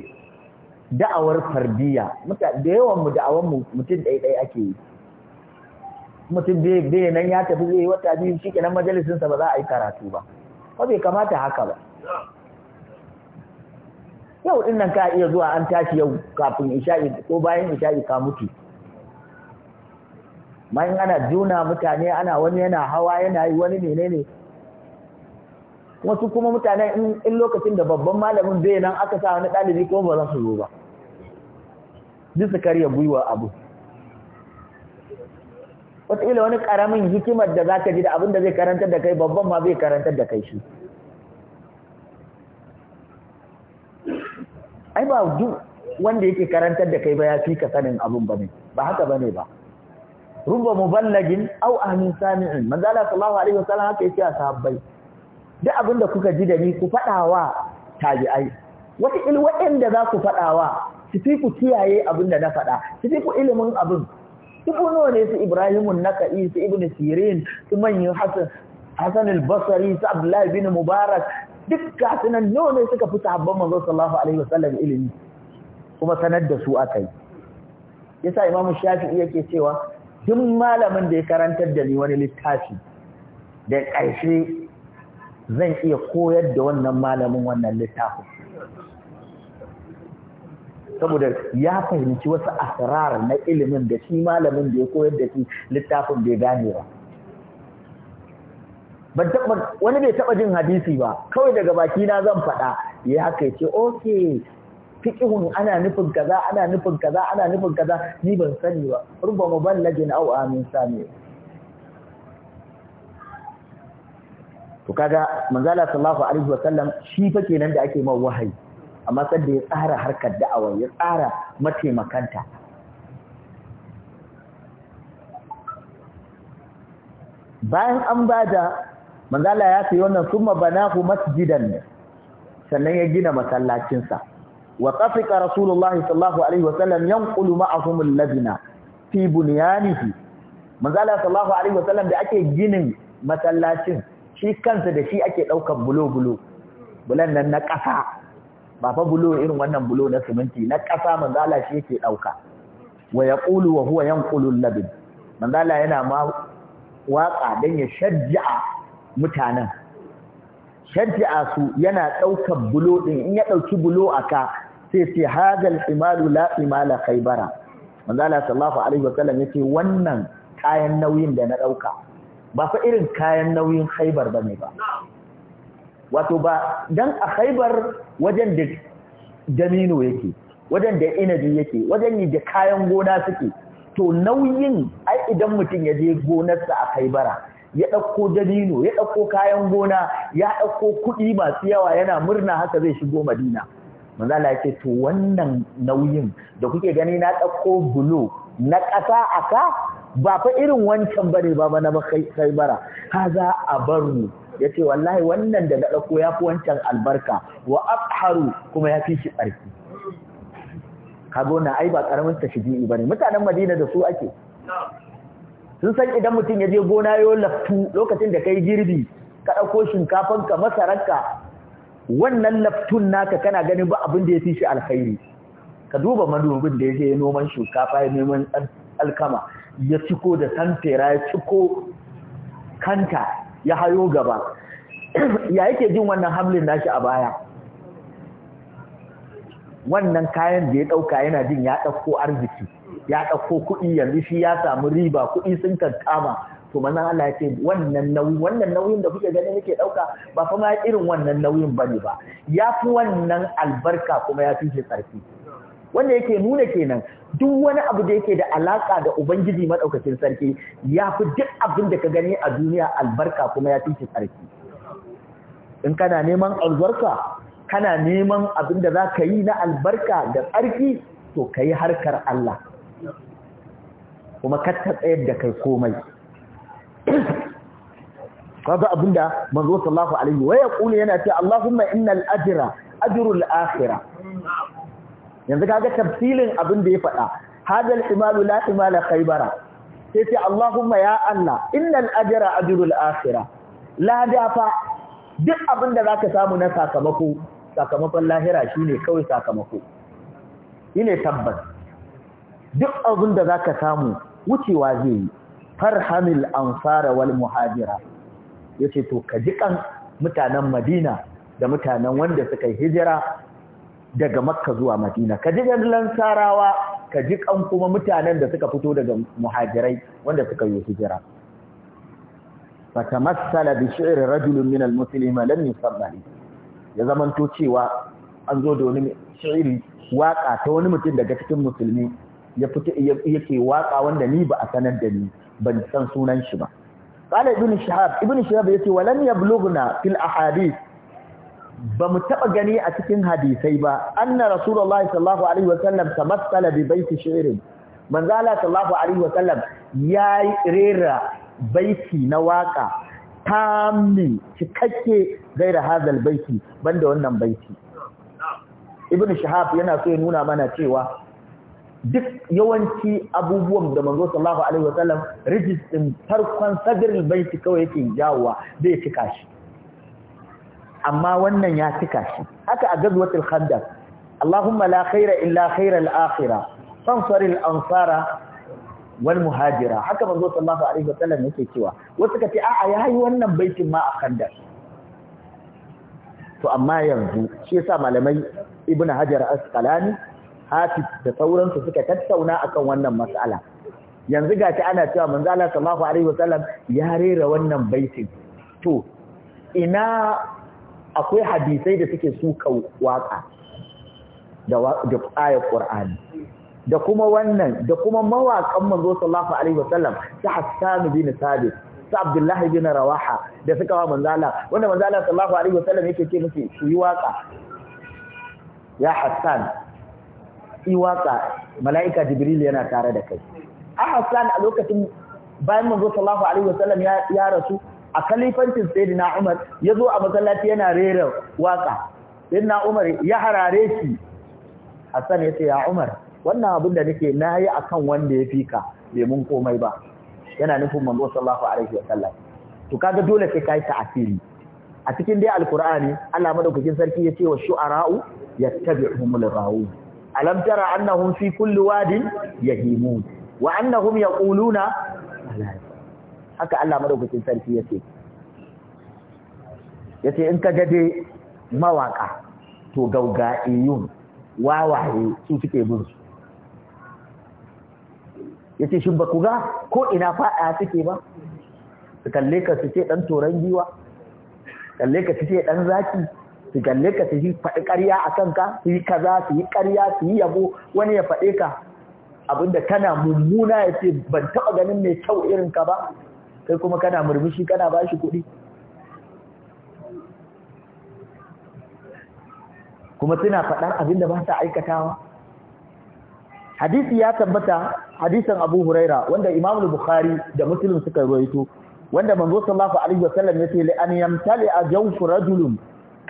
da'awar fardiya da yawan mu da'awar mutum ɗaiɗai ake yi mutum bai nan ya tafi zai wata biyu shi kenan majalisinsa ba za a yi karatu ba ba bai kamata haka ba yau ɗin nan ka iya zuwa an tashi yau kafin isha'i ko bayan isha'i ka mutu ma ana juna mutane ana wani yana hawa yana yi wani menene wasu kuma mutanen in lokacin da babban malamin bai nan aka sa wani ɗalibi ko ba za su zo ba duk su karya gwiwa abu wataƙila wani ƙaramin hikimar da za ka ji da abin da zai karantar da kai babban ma bai karantar da kai shi ai ba duk wanda yake karantar da kai ba ya fi ka sanin abin ba ne ba haka ba ne ba rubba muballagin au amin sami'in manzala sallallahu alaihi wasallam haka yake a sahabbai duk abin da kuka ji da ni ku faɗa wa tabi'ai wata da za ku faɗa wa su fi ku kiyaye abin da na faɗa su fi ku ilimin abin tukuno ne su Ibrahimu Naka'i su Ibn Sirin su manyan Hassan Hassan al-Basri su Abdullahi bin Mubarak duk kasunan nawa ne suka fi sahabban manzo sallallahu alaihi wasallam ilimi kuma sanar da su akai yasa Imam Shafi'i yake cewa duk malamin da ya karantar da ni wani littafi da ƙarshe zan iya koyar da wannan malamin wannan littafin saboda ya fahimci wasu asirar na ilimin da shi malamin da ya koyar da shi littafin bai gane ba wani bai taba jin hadisi ba kawai daga baki na zan faɗa ya haka ce okay fiqhun ana nufin kaza ana nufin kaza ana nufin kaza ni ban sani ba rubba muballagin au amin sami to kaga manzala sallallahu alaihi wa sallam shi fa kenan da ake mawa wahayi amma sai da ya tsara harkar da'awa ya tsara mataimakanta bayan an bada manzala ya sayi wannan summa banahu masjidan sannan ya gina masallacin sa wa tafika rasulullahi sallallahu alaihi wa sallam yanqulu ma'ahum alladhina fi bunyanihi manzala sallallahu alaihi wa sallam da ake ginin masallacin shi kansa da shi ake daukan bulo-bulo bulan nan na ƙasa ba fa bulo irin wannan bulo na siminti na ƙasa manzala shi yake ɗauka wa ya wa huwa yanqulu al-labid manzala yana ma waka don ya shajja mutanen shajja su yana daukan bulo ɗin in ya ɗauki bulo a ka sai hadal imalu la imala khaybara manzala sallallahu alaihi sallam yace wannan kayan nauyin da na ɗauka ba fa irin kayan nauyin haibar ba ne ba wato ba don a haibar wajen da damino yake wajen da inabi yake wajen yi da kayan gona suke to nauyin ai idan mutum ya je gonarsa a haibara ya ɗauko Damino, ya ɗauko kayan gona ya ɗauko kuɗi masu yawa yana murna haka zai shigo madina manzala ya ce to wannan nauyin da kuke gani na ɗauko bulo na ƙasa a ka ba fa irin wancan bane ba ba na khaybara haza abaru yace wallahi wannan da na dauko yafi wancan albarka wa afharu kuma yafi shi barki kago na ai ba karamin tashbi'i bane mutanen Madina da su ake sun san idan mutum ya je gona yo laftu lokacin da kai girbi ka dauko shinkafan ka masaranka wannan laftun naka kana ganin ba abin da ya fi shi alkhairi ka duba madubin da ya je noman shinkafa ya neman alkama ya ciko da santera ya ciko kanta ya hayo gaba ya yake jin wannan hamlin nashi a baya wannan kayan da ya ɗauka yana jin ya ɗauko arziki ya ɗauko kuɗi yanzu shi ya samu riba kuɗi sun kankama to manzon Allah ya ce wannan wannan nauyin da kuke ganin yake ɗauka ba fa ma irin wannan nauyin bane ba ya fi wannan albarka kuma ya fi shi tsarki wanda yake nuna kenan duk wani abu da yake da alaka da ubangiji madaukakin sarki ya fi duk abin da ka gani a duniya albarka kuma ya fi shi in kana neman albarka kana neman abin da za ka yi na albarka da tsarki to ka yi harkar Allah kuma ka tsayar da kai komai kaga abinda manzo sallallahu alaihi wa yaqulu yana ce Allahumma innal ajra ajrul akhirah yanzu kaga tafsilin abin da ya faɗa hadal himalu la himala khaybara sai ce Allahumma ya Allah innal ajra ajrul akhirah la dafa duk abin da zaka samu na sakamako sakamakon lahira shine kawai sakamako shine tabbas duk abin da zaka samu wucewa zai yi farhamil ansara wal muhajira yace to ka jikan mutanen Madina da mutanen wanda suka hijira daga makka zuwa madina ka ji sarawa ka ji kan kuma mutanen da suka fito daga muhajirai wanda suka yi hijira fatamassala bi shi'r rajul min almuslima lam yusammali ya zamanto cewa an zo da wani shi'ri waka ta wani mutum daga cikin musulmi ya fito yake waka wanda ni ba a sanar da ni ban san sunan shi ba qala ibn shahab ibn shahab yace walam yablughna fil ahadith ba mu taɓa gani a cikin hadisai ba anna rasulullahi sallallahu alaihi wasallam tamassala bi baiti shi'rin manzo Allah sallallahu alaihi wasallam ya rera baiti na waka tammi cikakke gaira hazal baiti banda wannan baiti ibn shahab yana so ya nuna mana cewa duk yawanci abubuwan da manzo sallallahu alaihi wasallam rijistin farkon sadrul baiti kawai yake jawwa bai cika shi amma wannan ya cika shi haka a gazwatul khandaq Allahumma la khaira illa khairal akhirah fansaril ansara wal muhajira haka manzo sallallahu alaihi wasallam yake cewa wasu kace a'a yi wannan baitin ma a khandaq to amma yanzu shi yasa malamai ibnu hajar asqalani hafiz da sauransu suka tattauna akan wannan mas'ala yanzu gashi ana cewa manzo sallallahu alaihi wasallam ya rera wannan baitin to ina akwai hadisai da suke suka waka da ayar Qur'ani da kuma wannan da kuma mawaƙan manzo sallallahu alaihi wasallam ta Hassan bin sabit ta Abdullah bin Rawaha da suka wa manzala wanda manzala sallallahu alaihi wasallam yake ce musu su yi waka ya Hassan yi waka mala'ika Jibril yana tare da kai a Hassan a lokacin bayan manzo sallallahu alaihi wasallam ya rasu a kalifancin sayyidina Umar ya zo a masallaci yana rera waka sayyidina Umar ya harare shi Hassan ya ce ya Umar wannan abin da nake nayi akan wanda ya fika bai mun komai ba yana nufin manzo sallallahu alaihi wasallam to kaga dole sai kai ta'asiri a cikin dai alkur'ani Allah madaukakin sarki ya ce wa shu'ara'u yattabi'uhumul rawu alam tara annahum fi kulli wadin yahimun wa annahum yaquluna haka Allah madaukakin sarki yace yace in ka gade mawaka to gaugaiyun wawaye su suke bin su yace shin ba ku ga ko ina fada suke ba su kalle ka su ce dan toran giwa kalle ka su ce dan zaki su kalle ka su yi faɗi ƙarya a kanka su yi kaza su yi ƙarya su yi yabo wani ya faɗe ka abinda kana mummuna ya ce ban taɓa ganin mai kyau irin ka ba kai kuma kana murmushi kana ba shi kuɗi kuma suna faɗan abinda da ba ta aikatawa hadisi ya tabbata hadisin Abu Huraira wanda Imam Bukhari da Muslim suka ruwaito wanda manzo sallallahu alaihi wasallam yace li an yamtali jawfu rajulun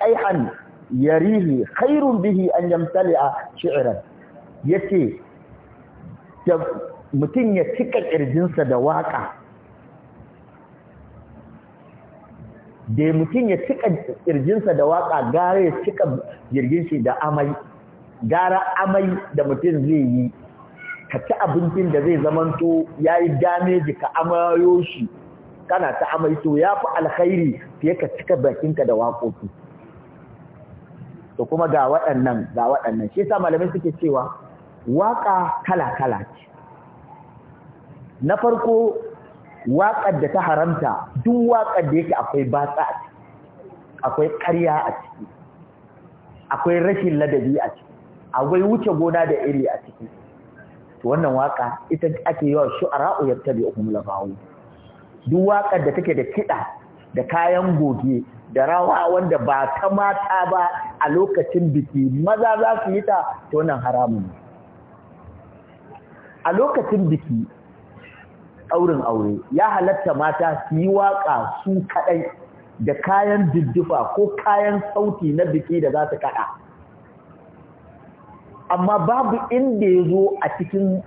qayhan yarihi khairun bihi an yamtali shi'ran yace mutum ya cika kirjinsa da waka da mutum ya cika kirjinsa da waka gara ya cika jirgin shi da amai gara amai da mutum zai yi ka ci abincin da zai zamanto ya yi dameji ka amayo shi kana ta amai to ya fi alkhairi fiye ka cika bakinka da wakoki to kuma ga waɗannan ga waɗannan shi sa malamai suke cewa waka kala-kala ce na farko waƙar da ta haramta duk waƙar da yake akwai batsa a ciki akwai ƙarya a ciki akwai rashin ladabi a ciki akwai wuce gona da iri a ciki to wannan waƙa ita ake yawa shu'ara'u la labawu duk waƙar da take da kiɗa da kayan goge da rawa wanda ba ta mata ba a lokacin biki maza za su yi ta to wannan haramun a lokacin biki ɗaurin aure ya halatta mata su yi waƙa su kaɗai da kayan duddufa ko kayan sauti na biki da za su kaɗa amma babu inda ya zo a cikin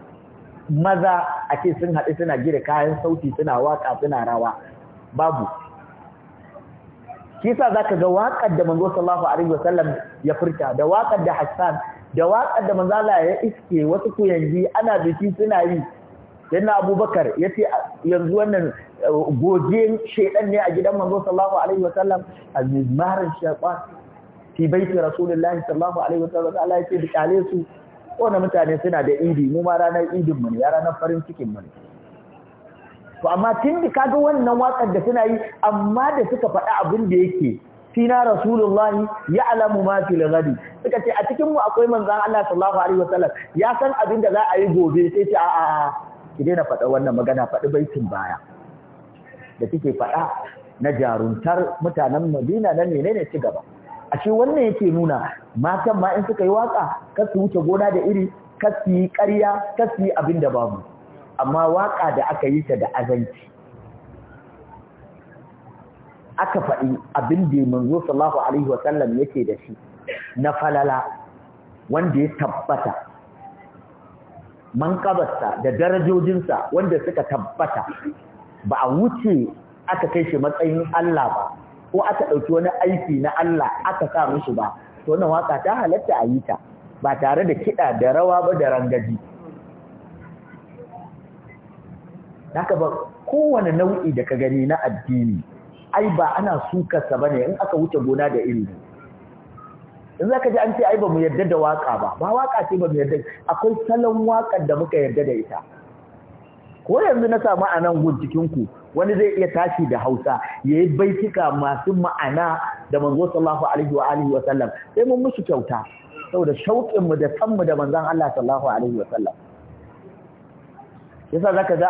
maza a ce sun haɗu suna gida kayan sauti suna waƙa suna rawa babu kisa za ka ga waƙar da manzo sallahu alaihi wasallam ya furta da waƙar da hassan da waƙar da manzala ya iske wasu kuyangi ana biki suna yi sayyidina abubakar ya yanzu wannan eh, goje shaidan ne a gidan manzo sallallahu alaihi wa sallam azmizmarin shaytan fi baiti rasulullahi sallallahu alaihi wa sallam Allah yake ce su wannan mutane suna da idi mu ma ranar idin mu ne ya ranar farin cikin mu ne to amma tun da kaga wannan wakar da suna yi amma da suka faɗa abin da yake sina rasulullahi ya'lamu ma fil ghadi suka ce a cikin mu akwai manzon Allah sallallahu alaihi wasallam ya san abin da za a yi gobe sai ce a a ki daina faɗa wannan magana faɗi baitin baya da kike faɗa na jaruntar mutanen Madina nan menene ci gaba a ce wannan yake nuna matan ma in suka yi waka kar su wuce gona da iri kar su yi ƙarya kar su yi abin da babu amma waka da aka yi ta da azanci aka faɗi abin da manzo sallallahu alaihi wasallam yake da shi na falala wanda ya tabbata manƙabarsa da darajojinsa wanda suka tabbata ba a wuce aka kai shi matsayin Allah ba ko aka ɗauki wani aiki na Allah aka sa musu ba to wannan waka ta halatta a yi ta ba tare da kiɗa da rawa ba da rangaji haka ba kowane nau'i da ka gani na addini ai ba ana sukarsa ba ne in aka wuce gona da ilimi in za ka ji an ce ai ba mu yarda da waka ba ba waka ce ba mu yarda akwai salon wakar da muka yarda da ita ko yanzu na samu a nan gun cikin ku wani zai iya tashi da Hausa yayi baitika masu ma'ana da manzo sallallahu alaihi wa alihi wa sallam sai mun musu kyauta saboda shauƙin mu da san mu da manzon Allah sallallahu alaihi wa sallam yasa zaka ga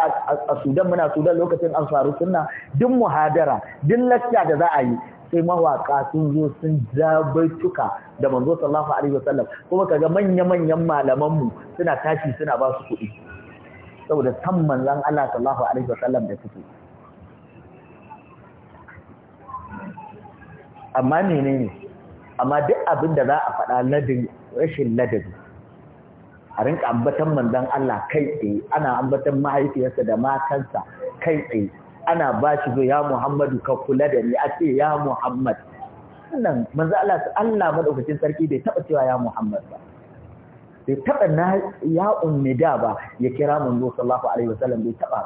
a Sudan muna Sudan lokacin an faru sunna duk muhadara duk lacca da za a yi sai mawaka sun zo sun ja baituka da manzo sallallahu alaihi wasallam kuma kaga manya-manyan malaman mu suna tashi suna ba su kuɗi saboda san manzon Allah sallallahu alaihi wasallam da suke amma menene amma duk abin da za a faɗa ladin rashin ladabi a rinka ambatan manzon Allah kai tsaye ana ambatan mahaifiyarsa da matansa kai tsaye ana ba shi ya Muhammadu ka kula da ni a ce ya Muhammad wannan manzo Allah Allah madaukakin sarki bai taɓa cewa ya Muhammad ba bai taɓa na ya ummida ba ya kira mun manzo sallallahu alaihi wasallam bai taɓa.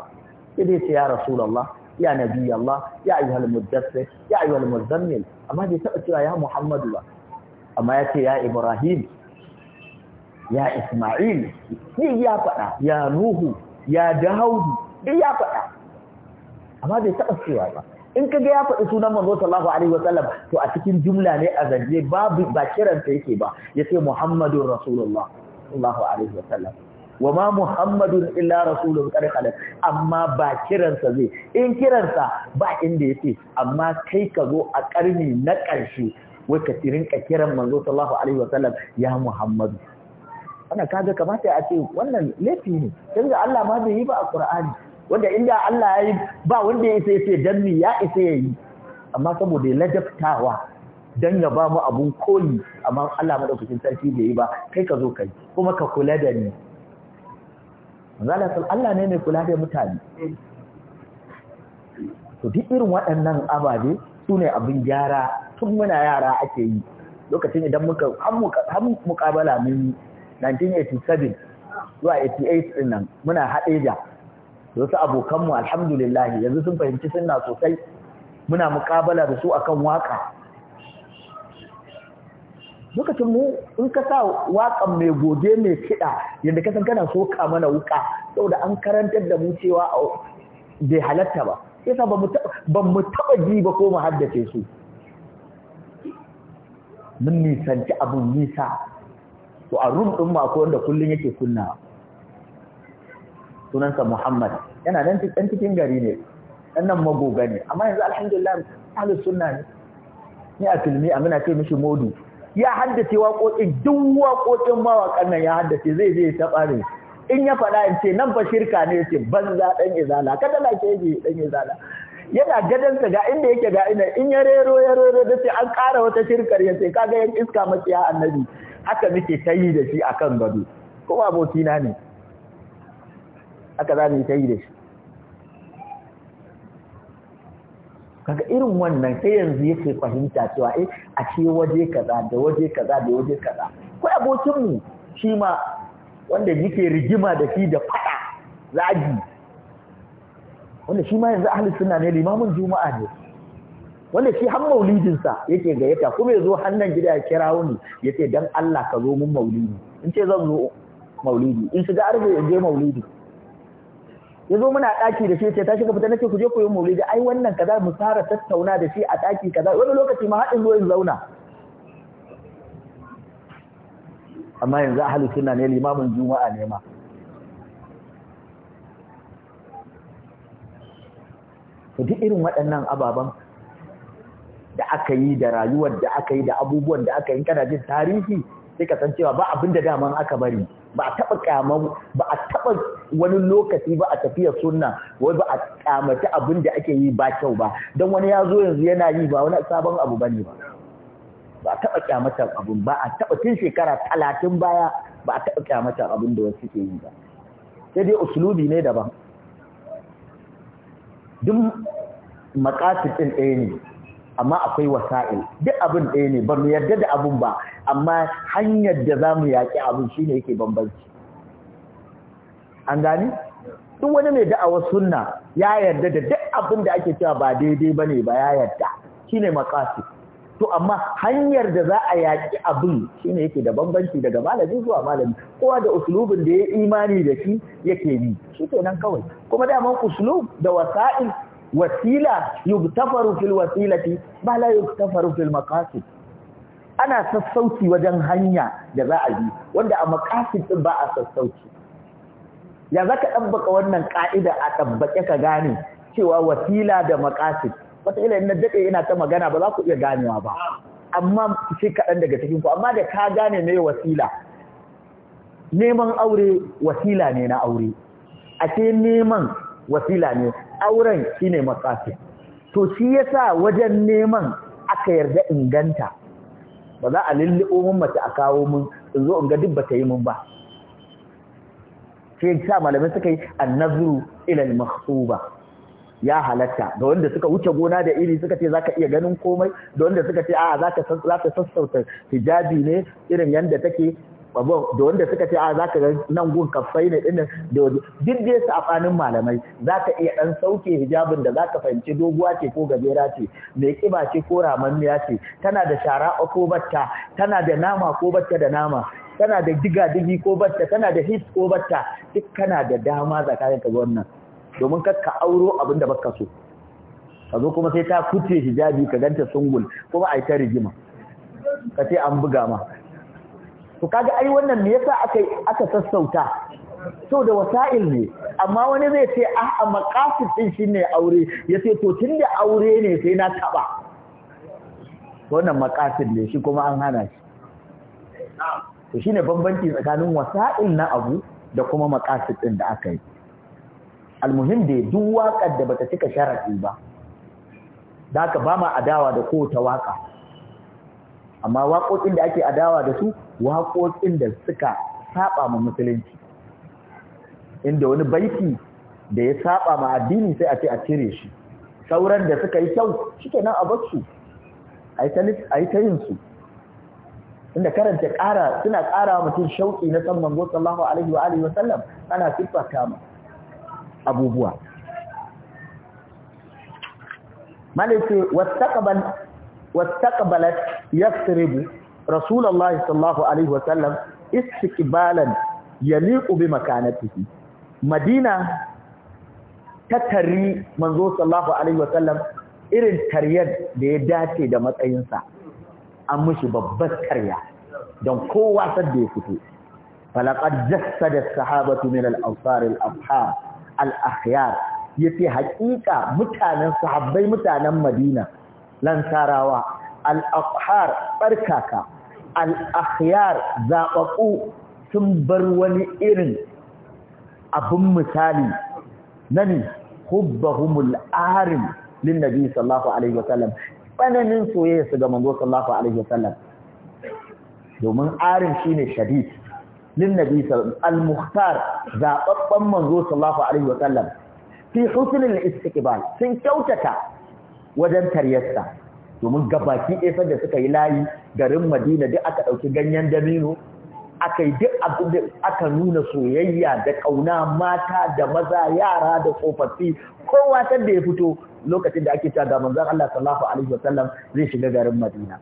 sai dai ce ya rasulallah, ya nabi Allah ya ayyuhal mudaththir ya ayyuhal muzammil amma bai taɓa cewa ya Muhammadu ba amma ya ce ya Ibrahim ya Isma'il ni ya faɗa ya Nuhu ya Dawud duk ya faɗa amma bai taɓa cewa ba in ka ga ya faɗi sunan manzo sallallahu alaihi wasallam to a cikin jumla ne a zanje babu ba kiran yake ba yace muhammadur rasulullah sallallahu alaihi wasallam wa ma muhammadun illa rasulun qad amma ba kiransa zai in kiransa ba inda yace amma kai ka zo a karni na ƙarshe wai ka rinka kiran manzo sallallahu alaihi wasallam ya muhammadu Ana kaga kamata a ce wannan laifi ne dan Allah ma bai yi ba a qur'ani wanda inda Allah ya yi ba wanda ya isa ya dan ya isa ya yi amma saboda ya ladabtawa don ya ba mu abun koyi amma Allah madaukakin sarki bai yi ba kai ka zo kai kuma ka kula da ni Allah ne mai kula da mutane to duk irin waɗannan ababe su ne abin gyara tun muna yara ake yi lokacin idan muka har mukabala min 1987 zuwa 88 din nan muna da. wasu abokanmu alhamdulillahi yanzu sun fahimci suna sosai muna mukabala da su akan waka lokacin mu in ka sa waƙan mai goge mai kiɗa yadda ka san kana soka mana wuka saboda an karantar da mu cewa bai halatta ba yasa ba mu taba ji ba ko mu haddace su mun nisanci abun nisa to a rum ɗin ma akwai wanda kullum yake kunna sunansa Muhammad yana dan ɗan cikin gari ne dan nan magoga ne amma yanzu alhamdulillah ahlus sunna ne ni a filmi a muna ce mishi modu ya haddace waƙoƙin duk waƙoƙin mawaƙan nan ya haddace zai je ta ne in ya faɗa in ce nan fa shirka ne ce banza ɗan izala kada la ke yi ɗan izala yana gadansa ga inda yake ga ina in ya rero ya rero da sai an ƙara wata shirkar ya ce kaga yan iska maciya annabi haka muke tayi da shi akan gado ko abokina ne aka za mu yi ta yi da shi kaga irin wannan sai yanzu yake fahimta cewa eh a ce waje kaza da waje kaza da waje kaza ko abokin mu shi ma wanda yake rigima da shi da fada zagi wanda shi ma yanzu ahli sunna ne limamin juma'a ne wanda shi har maulidin sa yake gayyata kuma yazo hannan gida ya kira ni yace dan Allah ka zo mun maulidi in ce zan zo maulidi in shiga arbe in je maulidi ya zo muna ɗaki da shi ce ta shiga fita nace ku je ku yi maulidi ai wannan kaza mu fara tattauna da shi a ɗaki kaza wani lokaci ma haɗin zuwa in zauna amma yanzu ahalu sunna ne limamin juma'a ne ma to duk irin waɗannan ababen da aka yi da rayuwar da aka yi da abubuwan da aka yi kana jin tarihi sai ka san cewa ba abin da daman aka bari ba a taɓa ƙyama ba a taɓa wani lokaci ba a tafiya sunna wai ba a ƙyamata abin da ake yi ba kyau ba don wani ya zo yanzu yana yi ba wani sabon abu ba ne ba ba a taɓa ƙyamata abin ba a taɓa tun shekara talatin baya ba a taɓa ƙyamata abin da wasu ke yi ba sai dai usulubi ne daban duk makatin ɗaya ne amma akwai wasa'il duk abin ɗaya ne ba mu yarda da abin ba amma hanyar da za mu yaƙi abin shi ne yake bambanci an gani duk wani mai da'awa sunna ya yarda da duk abin da ake cewa ba daidai ba ne ba ya yarda shi ne makasi to amma hanyar da za a yaƙi abin shi ne yake da bambanci daga malami zuwa malami kowa da usulubin da ya imani da shi yake yi shi kenan kawai kuma daman usulub da wasa'il wasila yuktafaru fil wasilati ba la yuktafaru fil maqasid ana sassauci wajen hanya da za a bi wanda a maqasid din ba a sassauci ya zaka dabbaka wannan ka'ida a tabbake ka gane cewa wasila da maqasid ila in na daɗe ina ta magana ba za ku iya ganewa ba amma shi kaɗan daga cikin ku amma da ka gane me wasila neman aure wasila ne na aure ce neman wasila ne auren shine maqasid to shi yasa wajen neman aka yarda inganta ba za a lulluɓo mun mace a kawo mun in zo in ga duk bata yi mun ba sai sa malamai suka yi annazru ila al-mahsuba ya halatta da wanda suka wuce gona da iri suka ce zaka iya ganin komai da wanda suka ce a'a zaka zaka sassauta hijabi ne irin yanda take babo da wanda suka ce a zaka ga nan gun kafai ne din da duk dai sabanin malamai za ka iya ɗan sauke hijabin da za ka fahimci doguwa ce ko gajera ce mai kiba ce ko ramanniya ce tana da shara ko batta tana da nama ko batta da nama tana da diga digi ko batta tana da hip ko batta duk kana da dama zakarin ka wannan domin ka auro abin da baka so ka zo kuma sai ta kuce hijabi ka ganta sungul kuma ai ta rigima ka ce an buga ma to kaga ai wannan me yasa aka aka sassauta to da wasa'il ne amma wani zai ce a maqasid din shine aure yace to tunda aure ne sai na taba wannan maqasid ne shi kuma an hana shi to shine bambanci tsakanin wasa'il na abu da kuma maqasid din da aka yi almuhim da duk waƙar da bata cika sharadi ba da ka ba ma adawa da ta waƙa amma waƙoƙin da ake adawa da su waƙoƙin da suka saba ma musulunci inda wani baiti da ya saba ma addini sai a ce a cire shi sauran da suka yi kyau shikenan a bar su a yi ta yin su inda karanta ƙara suna ƙara mutum shauƙi na san manzo sallallahu alaihi wa alihi wa sallam ana siffa kama abubuwa wasu takaban. واستقبلت يثرب رسول الله صلى الله عليه وسلم استقبالا يليق بمكانته مدينة تتري منذ صلى الله عليه وسلم irin karyar da ya dace da matsayinsa an mushi babbar karya don kowa da ya fito falaqad da sahabatu min al-ansar al-afhar al-akhyar yace haƙiƙa mutanen sahabbai mutanen Madina Lantarawa, al-afhar barkaka al-akhyar sun bar wani irin abin misali nani hubbahumul arim lin nabi sallallahu alaihi wasallam tsananin soyayya su ga manzo sallallahu alaihi wasallam domin arim shine shadid lin nabi al-mukhtar zababban manzo sallallahu alaihi wasallam fi husnul istiqbal sun kyautata wajen karyarsa domin gabaki ɗaya da suka yi layi garin madina duk aka ɗauki ganyen damino aka yi duk abin da aka nuna soyayya da ƙauna mata da maza yara da tsofaffi kowa san da ya fito lokacin da ake cewa ga manzon Allah sallallahu alaihi wasallam zai shiga garin madina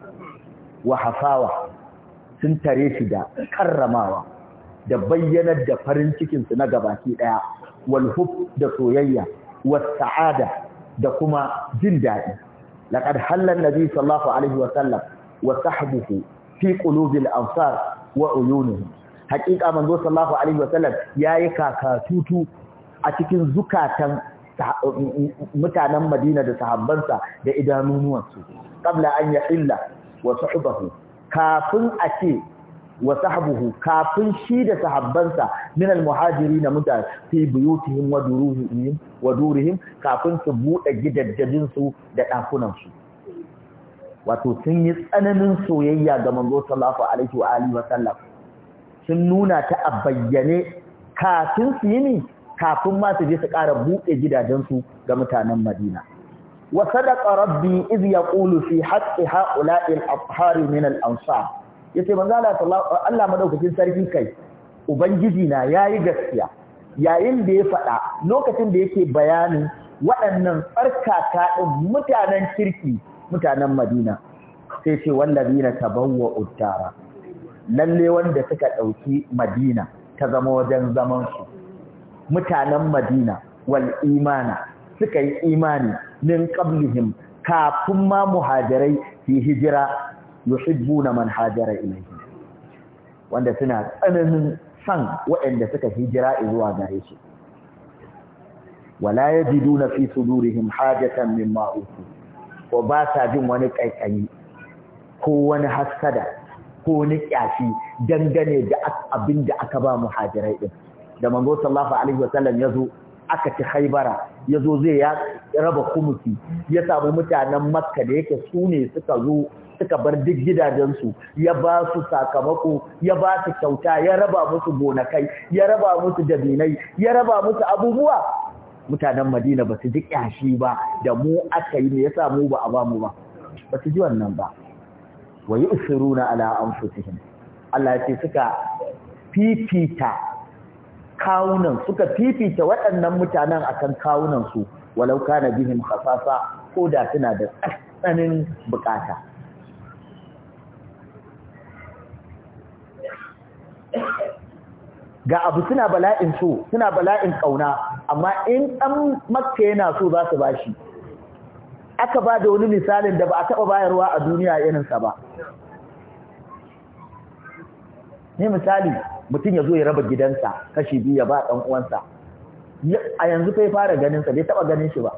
wa hafawa sun tare shi da karramawa da bayyanar da farin cikinsu na gabaki ɗaya walhub da soyayya wa sa'ada da kuma jin daɗi laqad halal nabi sallallahu alaihi wa sallam wa sahbihi fi qulubil ansar wa uyunihim haƙiƙa manzo sallallahu alaihi wa sallam yayi kakatutu a cikin zukatan mutanen Madina da sahabbansa da idanunuwansu qabla an yahilla wa suhbahu kafin a ce wa sahbuhu kafin shi da sahabbansa min al na muta fi buyutihim wa durihim wa durihim kafin su bude gidajjin su da dakunan su wato sun yi tsananin soyayya ga manzo sallallahu alaihi wa alihi wa sallam sun nuna ta a bayyane kafin su yi kafin ma su je su ƙara buɗe su ga mutanen Madina. Wa sadaqa rabbi iz yaqulu fi haqqi ha'ula'i al-athhari min al-ansar yace manzo Allah Allah madaukakin sarki kai ubangiji na yayi gaskiya yayin da ya faɗa lokacin da yake bayanin waɗannan tsarkaka ɗin mutanen kirki mutanen Madina sai ce wallazina tabawwa uttara lalle wanda suka ɗauki Madina ta zama wajen zaman su mutanen Madina wal imana suka yi imani min qablihim kafin ma muhajirai fi hijira yuhibbuna man hajara ilayhi wanda suna tsananin san waɗanda suka hijira zuwa gare su wala yajiduna fi sudurihim hajatan mimma utu ko ba sa jin wani kaikayi ko wani haskada ko wani kyashi dangane da abin da aka ba muhajirai din da manzo sallallahu alaihi wasallam yazo aka ci haibara yazo zai ya raba kumusi ya samu mutanen makka da yake su ne suka zo suka bar duk gidajensu ya ba su sakamako ya ba su kyauta ya raba musu gonakai ya raba musu dabinai ya raba musu abubuwa mutanen Madina ba su ji kyashi ba da mu aka yi me yasa mu ba a ba mu ba ba su ji wannan ba wa na ala anfusihim Allah ya ce suka fifita kawunan suka fifita waɗannan mutanen akan kawunansu su walau kana bihim khasasa ko da tana da tsananin bukata ga abu suna bala'in so suna bala'in kauna amma in dan makka yana so za su bashi aka ba da wani misalin da ba a taba bayarwa a duniya irin sa ba ne misali mutum ya zo ya raba gidansa kashi biyu ya ba dan uwansa a yanzu kai fara ganin sa bai taba ganin shi ba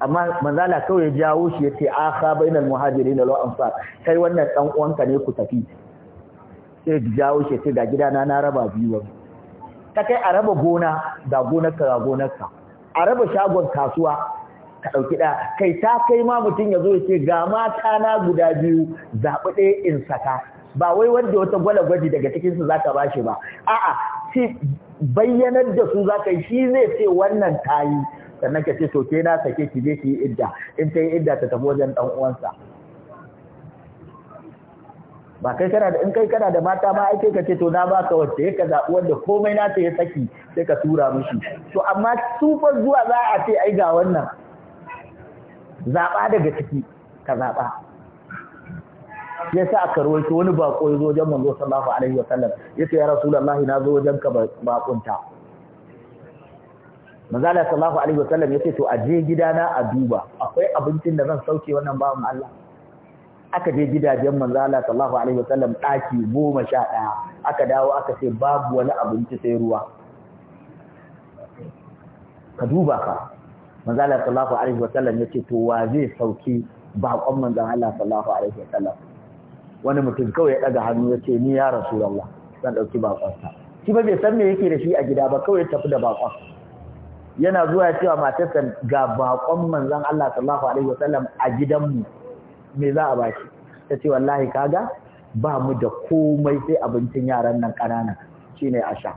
amma manzala kawai ya jawo shi yace akha bainal muhajirin wal ansar kai wannan dan uwanka ne ku tafi sai jawo shi ce ga gidana na raba biyu ta kai a raba gona ga gonarka ga gonarka a raba shagon kasuwa ka ɗauki ɗaya kai ta kai ma mutum ya zo ya ce ga mata na guda biyu zaɓi ɗaya in saka ba wai wanda wata gwala gwaji daga cikin su zaka shi ba a'a ci bayyanar da su zaka shi zai ce wannan tayi sannan ka ce to ke na sake ki je ki yi idda in ta yi idda ta tafi wajen ɗan uwansa ba kai kana da in kai kana da mata ma ai kai ka ce to na ba ka wacce ka zaɓi wanda komai na ta ya saki sai ka tura mishi to amma su zuwa za a ce ai ga wannan zaɓa daga ciki ka zaɓa ya sa aka rawaito wani bako ya zo wajen manzo sallallahu alaihi wa sallam ya ce ya rasulullahi na zo wajen ka bakunta manzo sallallahu alaihi wa sallam ya ce to a je gidana a duba akwai abincin da zan sauke wannan bawan Allah aka je gidajen manzo Allah sallallahu alaihi wasallam daki 11 aka dawo aka ce babu wani abinci sai ruwa ka duba ka manzo Allah sallallahu alaihi wasallam yace to wa zai sauki bakon manzo Allah sallallahu alaihi wasallam wani mutum kawai ya daga hannu yace ni ya rasulullah zan dauki bakon sa shi ba bai san me yake da shi a gida ba kawai ya tafi da bakon yana zuwa ya ce wa matarsa ga bakon manzon Allah sallallahu alaihi wasallam a gidanmu me za a bashi ta ce wallahi kaga ba mu da komai sai abincin yaran nan ƙanana shine a sha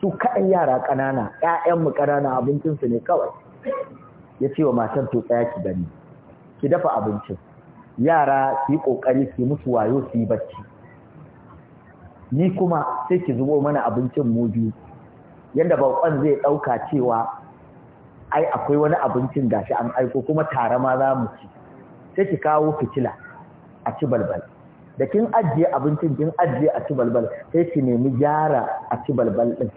su kaɗan yara ƙanana ‘ya'yanmu ƙanana abincinsu ne kawai ya ce wa matan to tsaya ki gani ki dafa abincin yara su yi ƙoƙari su yi musu wayo su yi bacci ni kuma sai ki zubo mana abincin mu biyu yadda baƙon zai ɗauka cewa ai akwai wani abincin da shi an aiko kuma tare ma za mu ci sai ki kawo fitila a ci balbal da kin ajiye abincin kin ajiye a ci balbal sai ki nemi gyara a ci balbal din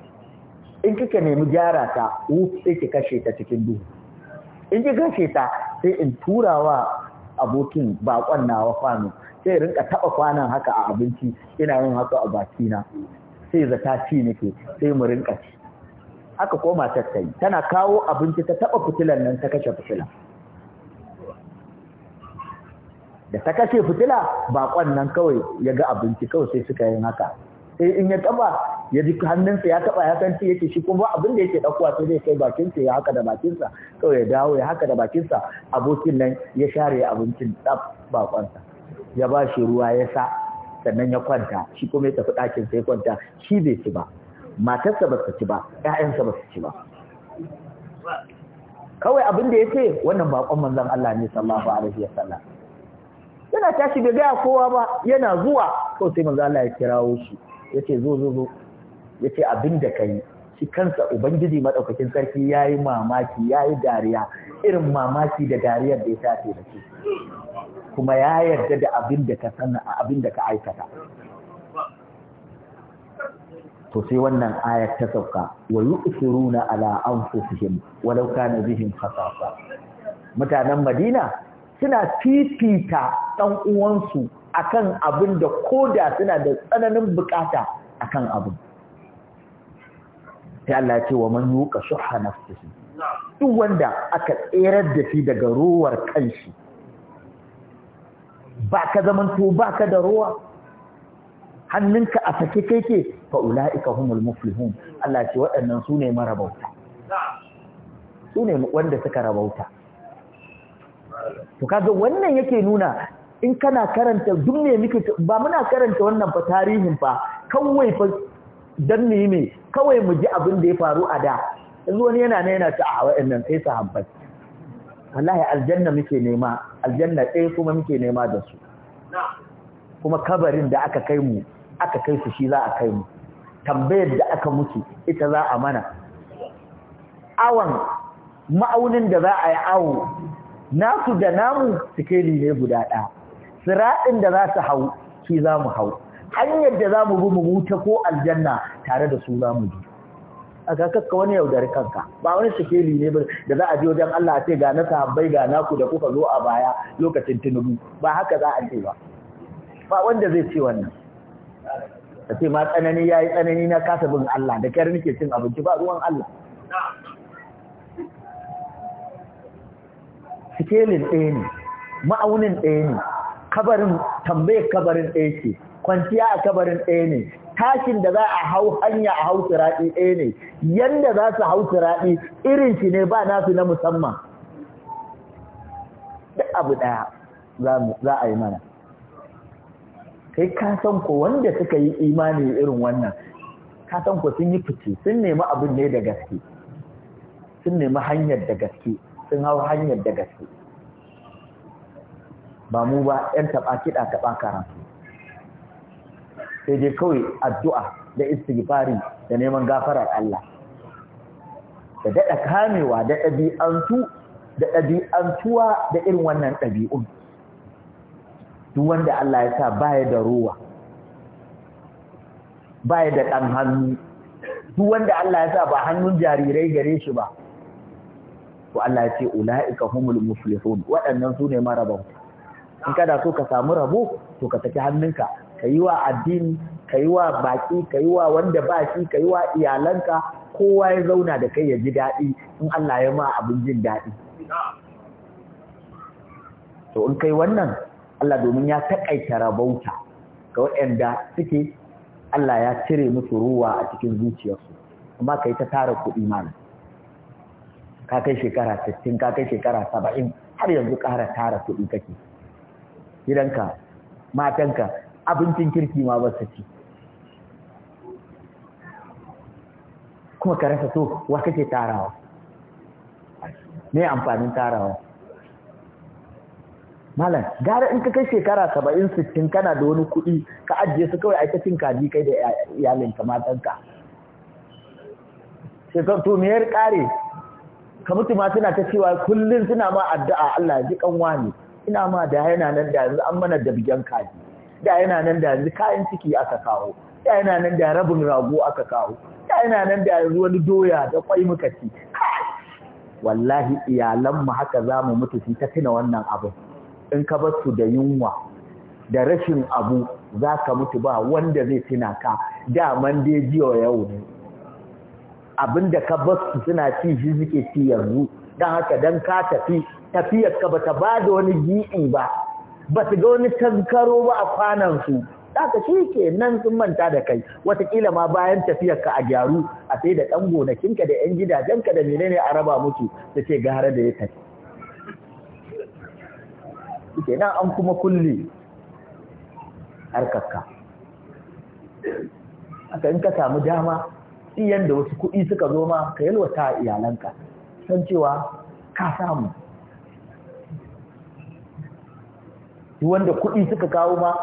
in kika nemi gyara ta u sai ki kashe ta cikin duhu in ki kashe ta sai in tura wa abokin bakon nawa kwano sai rinka taba kwanan haka a abinci ina yin haka a bakina sai zata ci nake sai mu rinka ci Aka koma tattayi tana kawo abinci ta taba fitilan nan ta kashe fitila da ta kashe fitila bakon nan kawai ya ga abinci kawai sai suka yin haka sai in ya taba ya ji hannunsa ya taba ya san ci yake shi kuma abin da yake dakuwa sai zai kai bakinsa ya haka da bakinsa kawai ya dawo ya haka da bakinsa abokin nan ya share abincin tsaf sa ya ba shi ruwa ya sa sannan ya kwanta shi kuma ya tafi dakin sai kwanta shi bai ci ba matarsa ba su ci ba 'ya'yansa ba su ci ba kawai abin da ce wannan bakon manzon Allah ne sallallahu alaihi wasallam yana tashi bai gaya kowa ba yana zuwa kawai sai manzon Allah ya kirawo shi yace zo zo zo yace abin da kai shi kansa ubangiji madaukakin sarki yayi mamaki yayi dariya irin mamaki da dariyar da ya tafi da shi kuma ya yarda da abin da ka sanna abin da ka aikata to sai wannan ayar ta sauka wa yu'thiruna ala anfusihim walau kana bihim khasasa mutanen Madina suna fifita dan uwansu akan abin da koda suna da tsananin bukata akan abin sai Allah ya ce wa man yuqa shuhha nafsihi duk wanda aka tserar da shi daga ruwar kanshi ba ka zaman to ba ka da ruwa hannunka a sake ke? fa humul muflihun Allah ce waɗannan su ne marabauta su ne wanda suka rabauta to kaga wannan yake nuna in kana karanta duk ne muke ba muna karanta wannan fa tarihin fa kawai fa dan ne mai, kawai mu ji abin da ya faru a da yanzu wani yana ne yana ta a ah, waɗannan sai sahabbai wallahi aljanna muke nema aljanna ɗaya kuma muke nema da su kuma kabarin da aka kai mu aka kai su shi za a kai mu tambayar da aka mutu ita za a mana awon ma'aunin da za a yi awo nasu da namu sikeli ne guda ɗaya siraɗin da za su hau shi za mu hau hanyar da za mu bi mu wuta ko aljanna tare da su za mu bi a kakakka wani yaudari kanka ba wani sikeli ne da za a ji wajen Allah a ce ga na sahabbai ga naku da kuka zo a baya lokacin tunubu ba haka za a ce ba ba wanda zai ce wannan A ce ma tsanani ya yi tsanani na kasa bin Allah da kyar nike cin abinci ba ruwan Allah sikelin ɗaya ne ma'aunin ɗaya ne kabarin tambayar kabarin ɗaya ce kwanciya a kabarin ɗaya ne tashin da za a hau hanya a hau turaɗi ɗaya ne yanda za su hau turaɗi irin shi ne ba nasu na musamman duk abu ɗaya za a yi mana sai ka san ku wanda suka yi imani irin wannan ka san ku sun yi fice sun nemi abin ne da gaske sun nemi hanyar da gaske sun hau hanyar da gaske ba mu ba ‘yan taɓa kiɗa taɓa karatu sai dai kawai addu'a da istighfari da neman gafarar Allah da daɗa kamewa da ɗabi'antu da ɗabi'antuwa da irin wannan ɗabi'un duk wanda Allah ya sa baya da ruwa baya da ɗan hannu duk wanda Allah ya sa ba hannun jarirai gare shi ba to Allah ya ce ulaiika humul muflihun waɗannan su ne maraba. in kada so ka samu rabo to ka saki hannunka ka yi wa addini ka yi wa baƙi ka yi wa wanda ba shi ka yi wa iyalanka kowa ya zauna da kai ya ji daɗi in Allah ya ma abin jin daɗi to in kai wannan Allah domin ya taƙaita rabauta ga waɗanda suke Allah ya cire musu ruwa a cikin zuciyarsu amma kai ta tara kuɗi malam ka kai shekara 60 ka kai shekara 70 har yanzu ƙara tara kuɗi kake gidanka matanka abincin kirki ma ba su ci kuma ka rasa so wa kake tarawa me amfanin tarawa malam gara in ka kai shekara saba'in sittin kana da wani kuɗi ka ajiye su kawai aika cin kaji kai da iyalinka matanka shekaru to me kare ka mutu ma suna ta cewa kullum suna ma addu'a Allah ji kan wani. ina ma da yana nan da yanzu an mana da bigen kaji da yana nan da yanzu kayan ciki aka kawo da yana nan da rabin rago aka kawo da yana nan da yanzu wani doya da kwai muka ci wallahi iyalanmu haka za mu mutu su ta tuna wannan abin in ka bar su da yunwa da rashin abu za ka mutu ba wanda zai tuna ka daman dai jiya yau ne abin da ka bar su suna ci shi suke ci yanzu don haka don ka tafi tafiyar ka ba ta ba da wani gi'i ba ba su ga wani tankaro ba a kwanan su haka shi ke nan sun manta da kai watakila ma bayan tafiyar ka a gyaru a sai da ɗan gonakinka da 'yan gidajenka da menene a raba musu su ce gara da ya tafi suke nan an kuma kulle harkarka aka in ka samu dama iyan da wasu kuɗi suka zo ma ka yalwata iyalanka san cewa ka samu wanda kuɗi suka kawo ma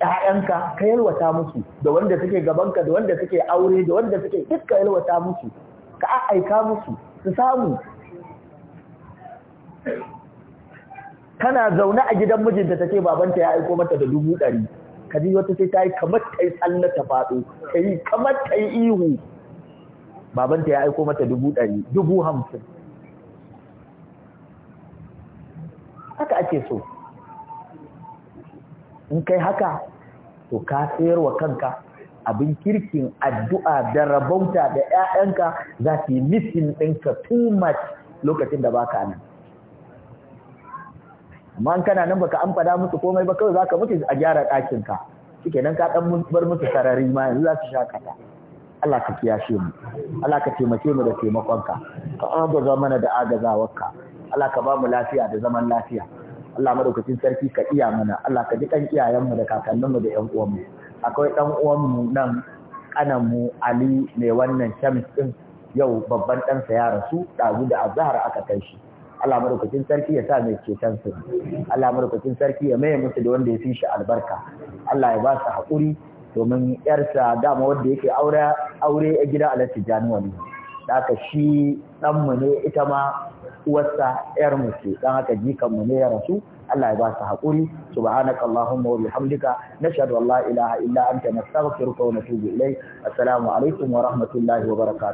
‘ya'yanka ka yalwata musu da wanda suke gabanka da wanda suke aure da wanda suke duk ka yalwata musu ka aika musu su samu tana zaune a gidan mijinta ta ce babanta ya aiko mata da dubu ɗari ka ji wata sai ta yi kamar ta yi tsalle ta faɗo ta yi kamar ta yi ihu babanta ya aiko mata dubu ɗari dubu hamsin haka ake so in kai haka to ka sayar wa kanka abin kirkin addu'a da rabauta da ‘ya'yanka za su yi missing ɗinka too much lokacin da baka nan amma an kana nan baka an fada musu komai ba kawai zaka mutu a gyara ɗakin ka nan ka dan bar musu sarari ma yanzu za su kaka Allah ka kiyashe mu Allah ka taimake mu da taimakon ka ka agaza mana da agazawarka Allah ka ba mu lafiya da zaman lafiya Allah madaukakin sarki ka iya mana Allah ka ji kan iyayenmu da kakanninmu da ƴan uwanmu akwai ɗan uwanmu nan mu Ali mai wannan chemist ɗin yau babban ɗansa ya rasu ɗazu da azhar aka kai shi Allah marukacin sarki ya sa mai ceton su Allah marukacin sarki ya maye musu da wanda ya fi shi albarka Allah ya ba su haƙuri domin yarsa dama wanda yake aure aure a gida Alhaji Januwali haka shi mu ne ita ma uwarsa ‘yarmu ce, Dan haka jikan mu ne ya rasu, Allah ya ba su haƙuri, subhanaka Allahumma wa bihamdika, nashhadu an la ilaha illa anta nastaghfiruka wa natubu ilayk. Assalamu alaikum wa rahmatullahi wa barakatuh.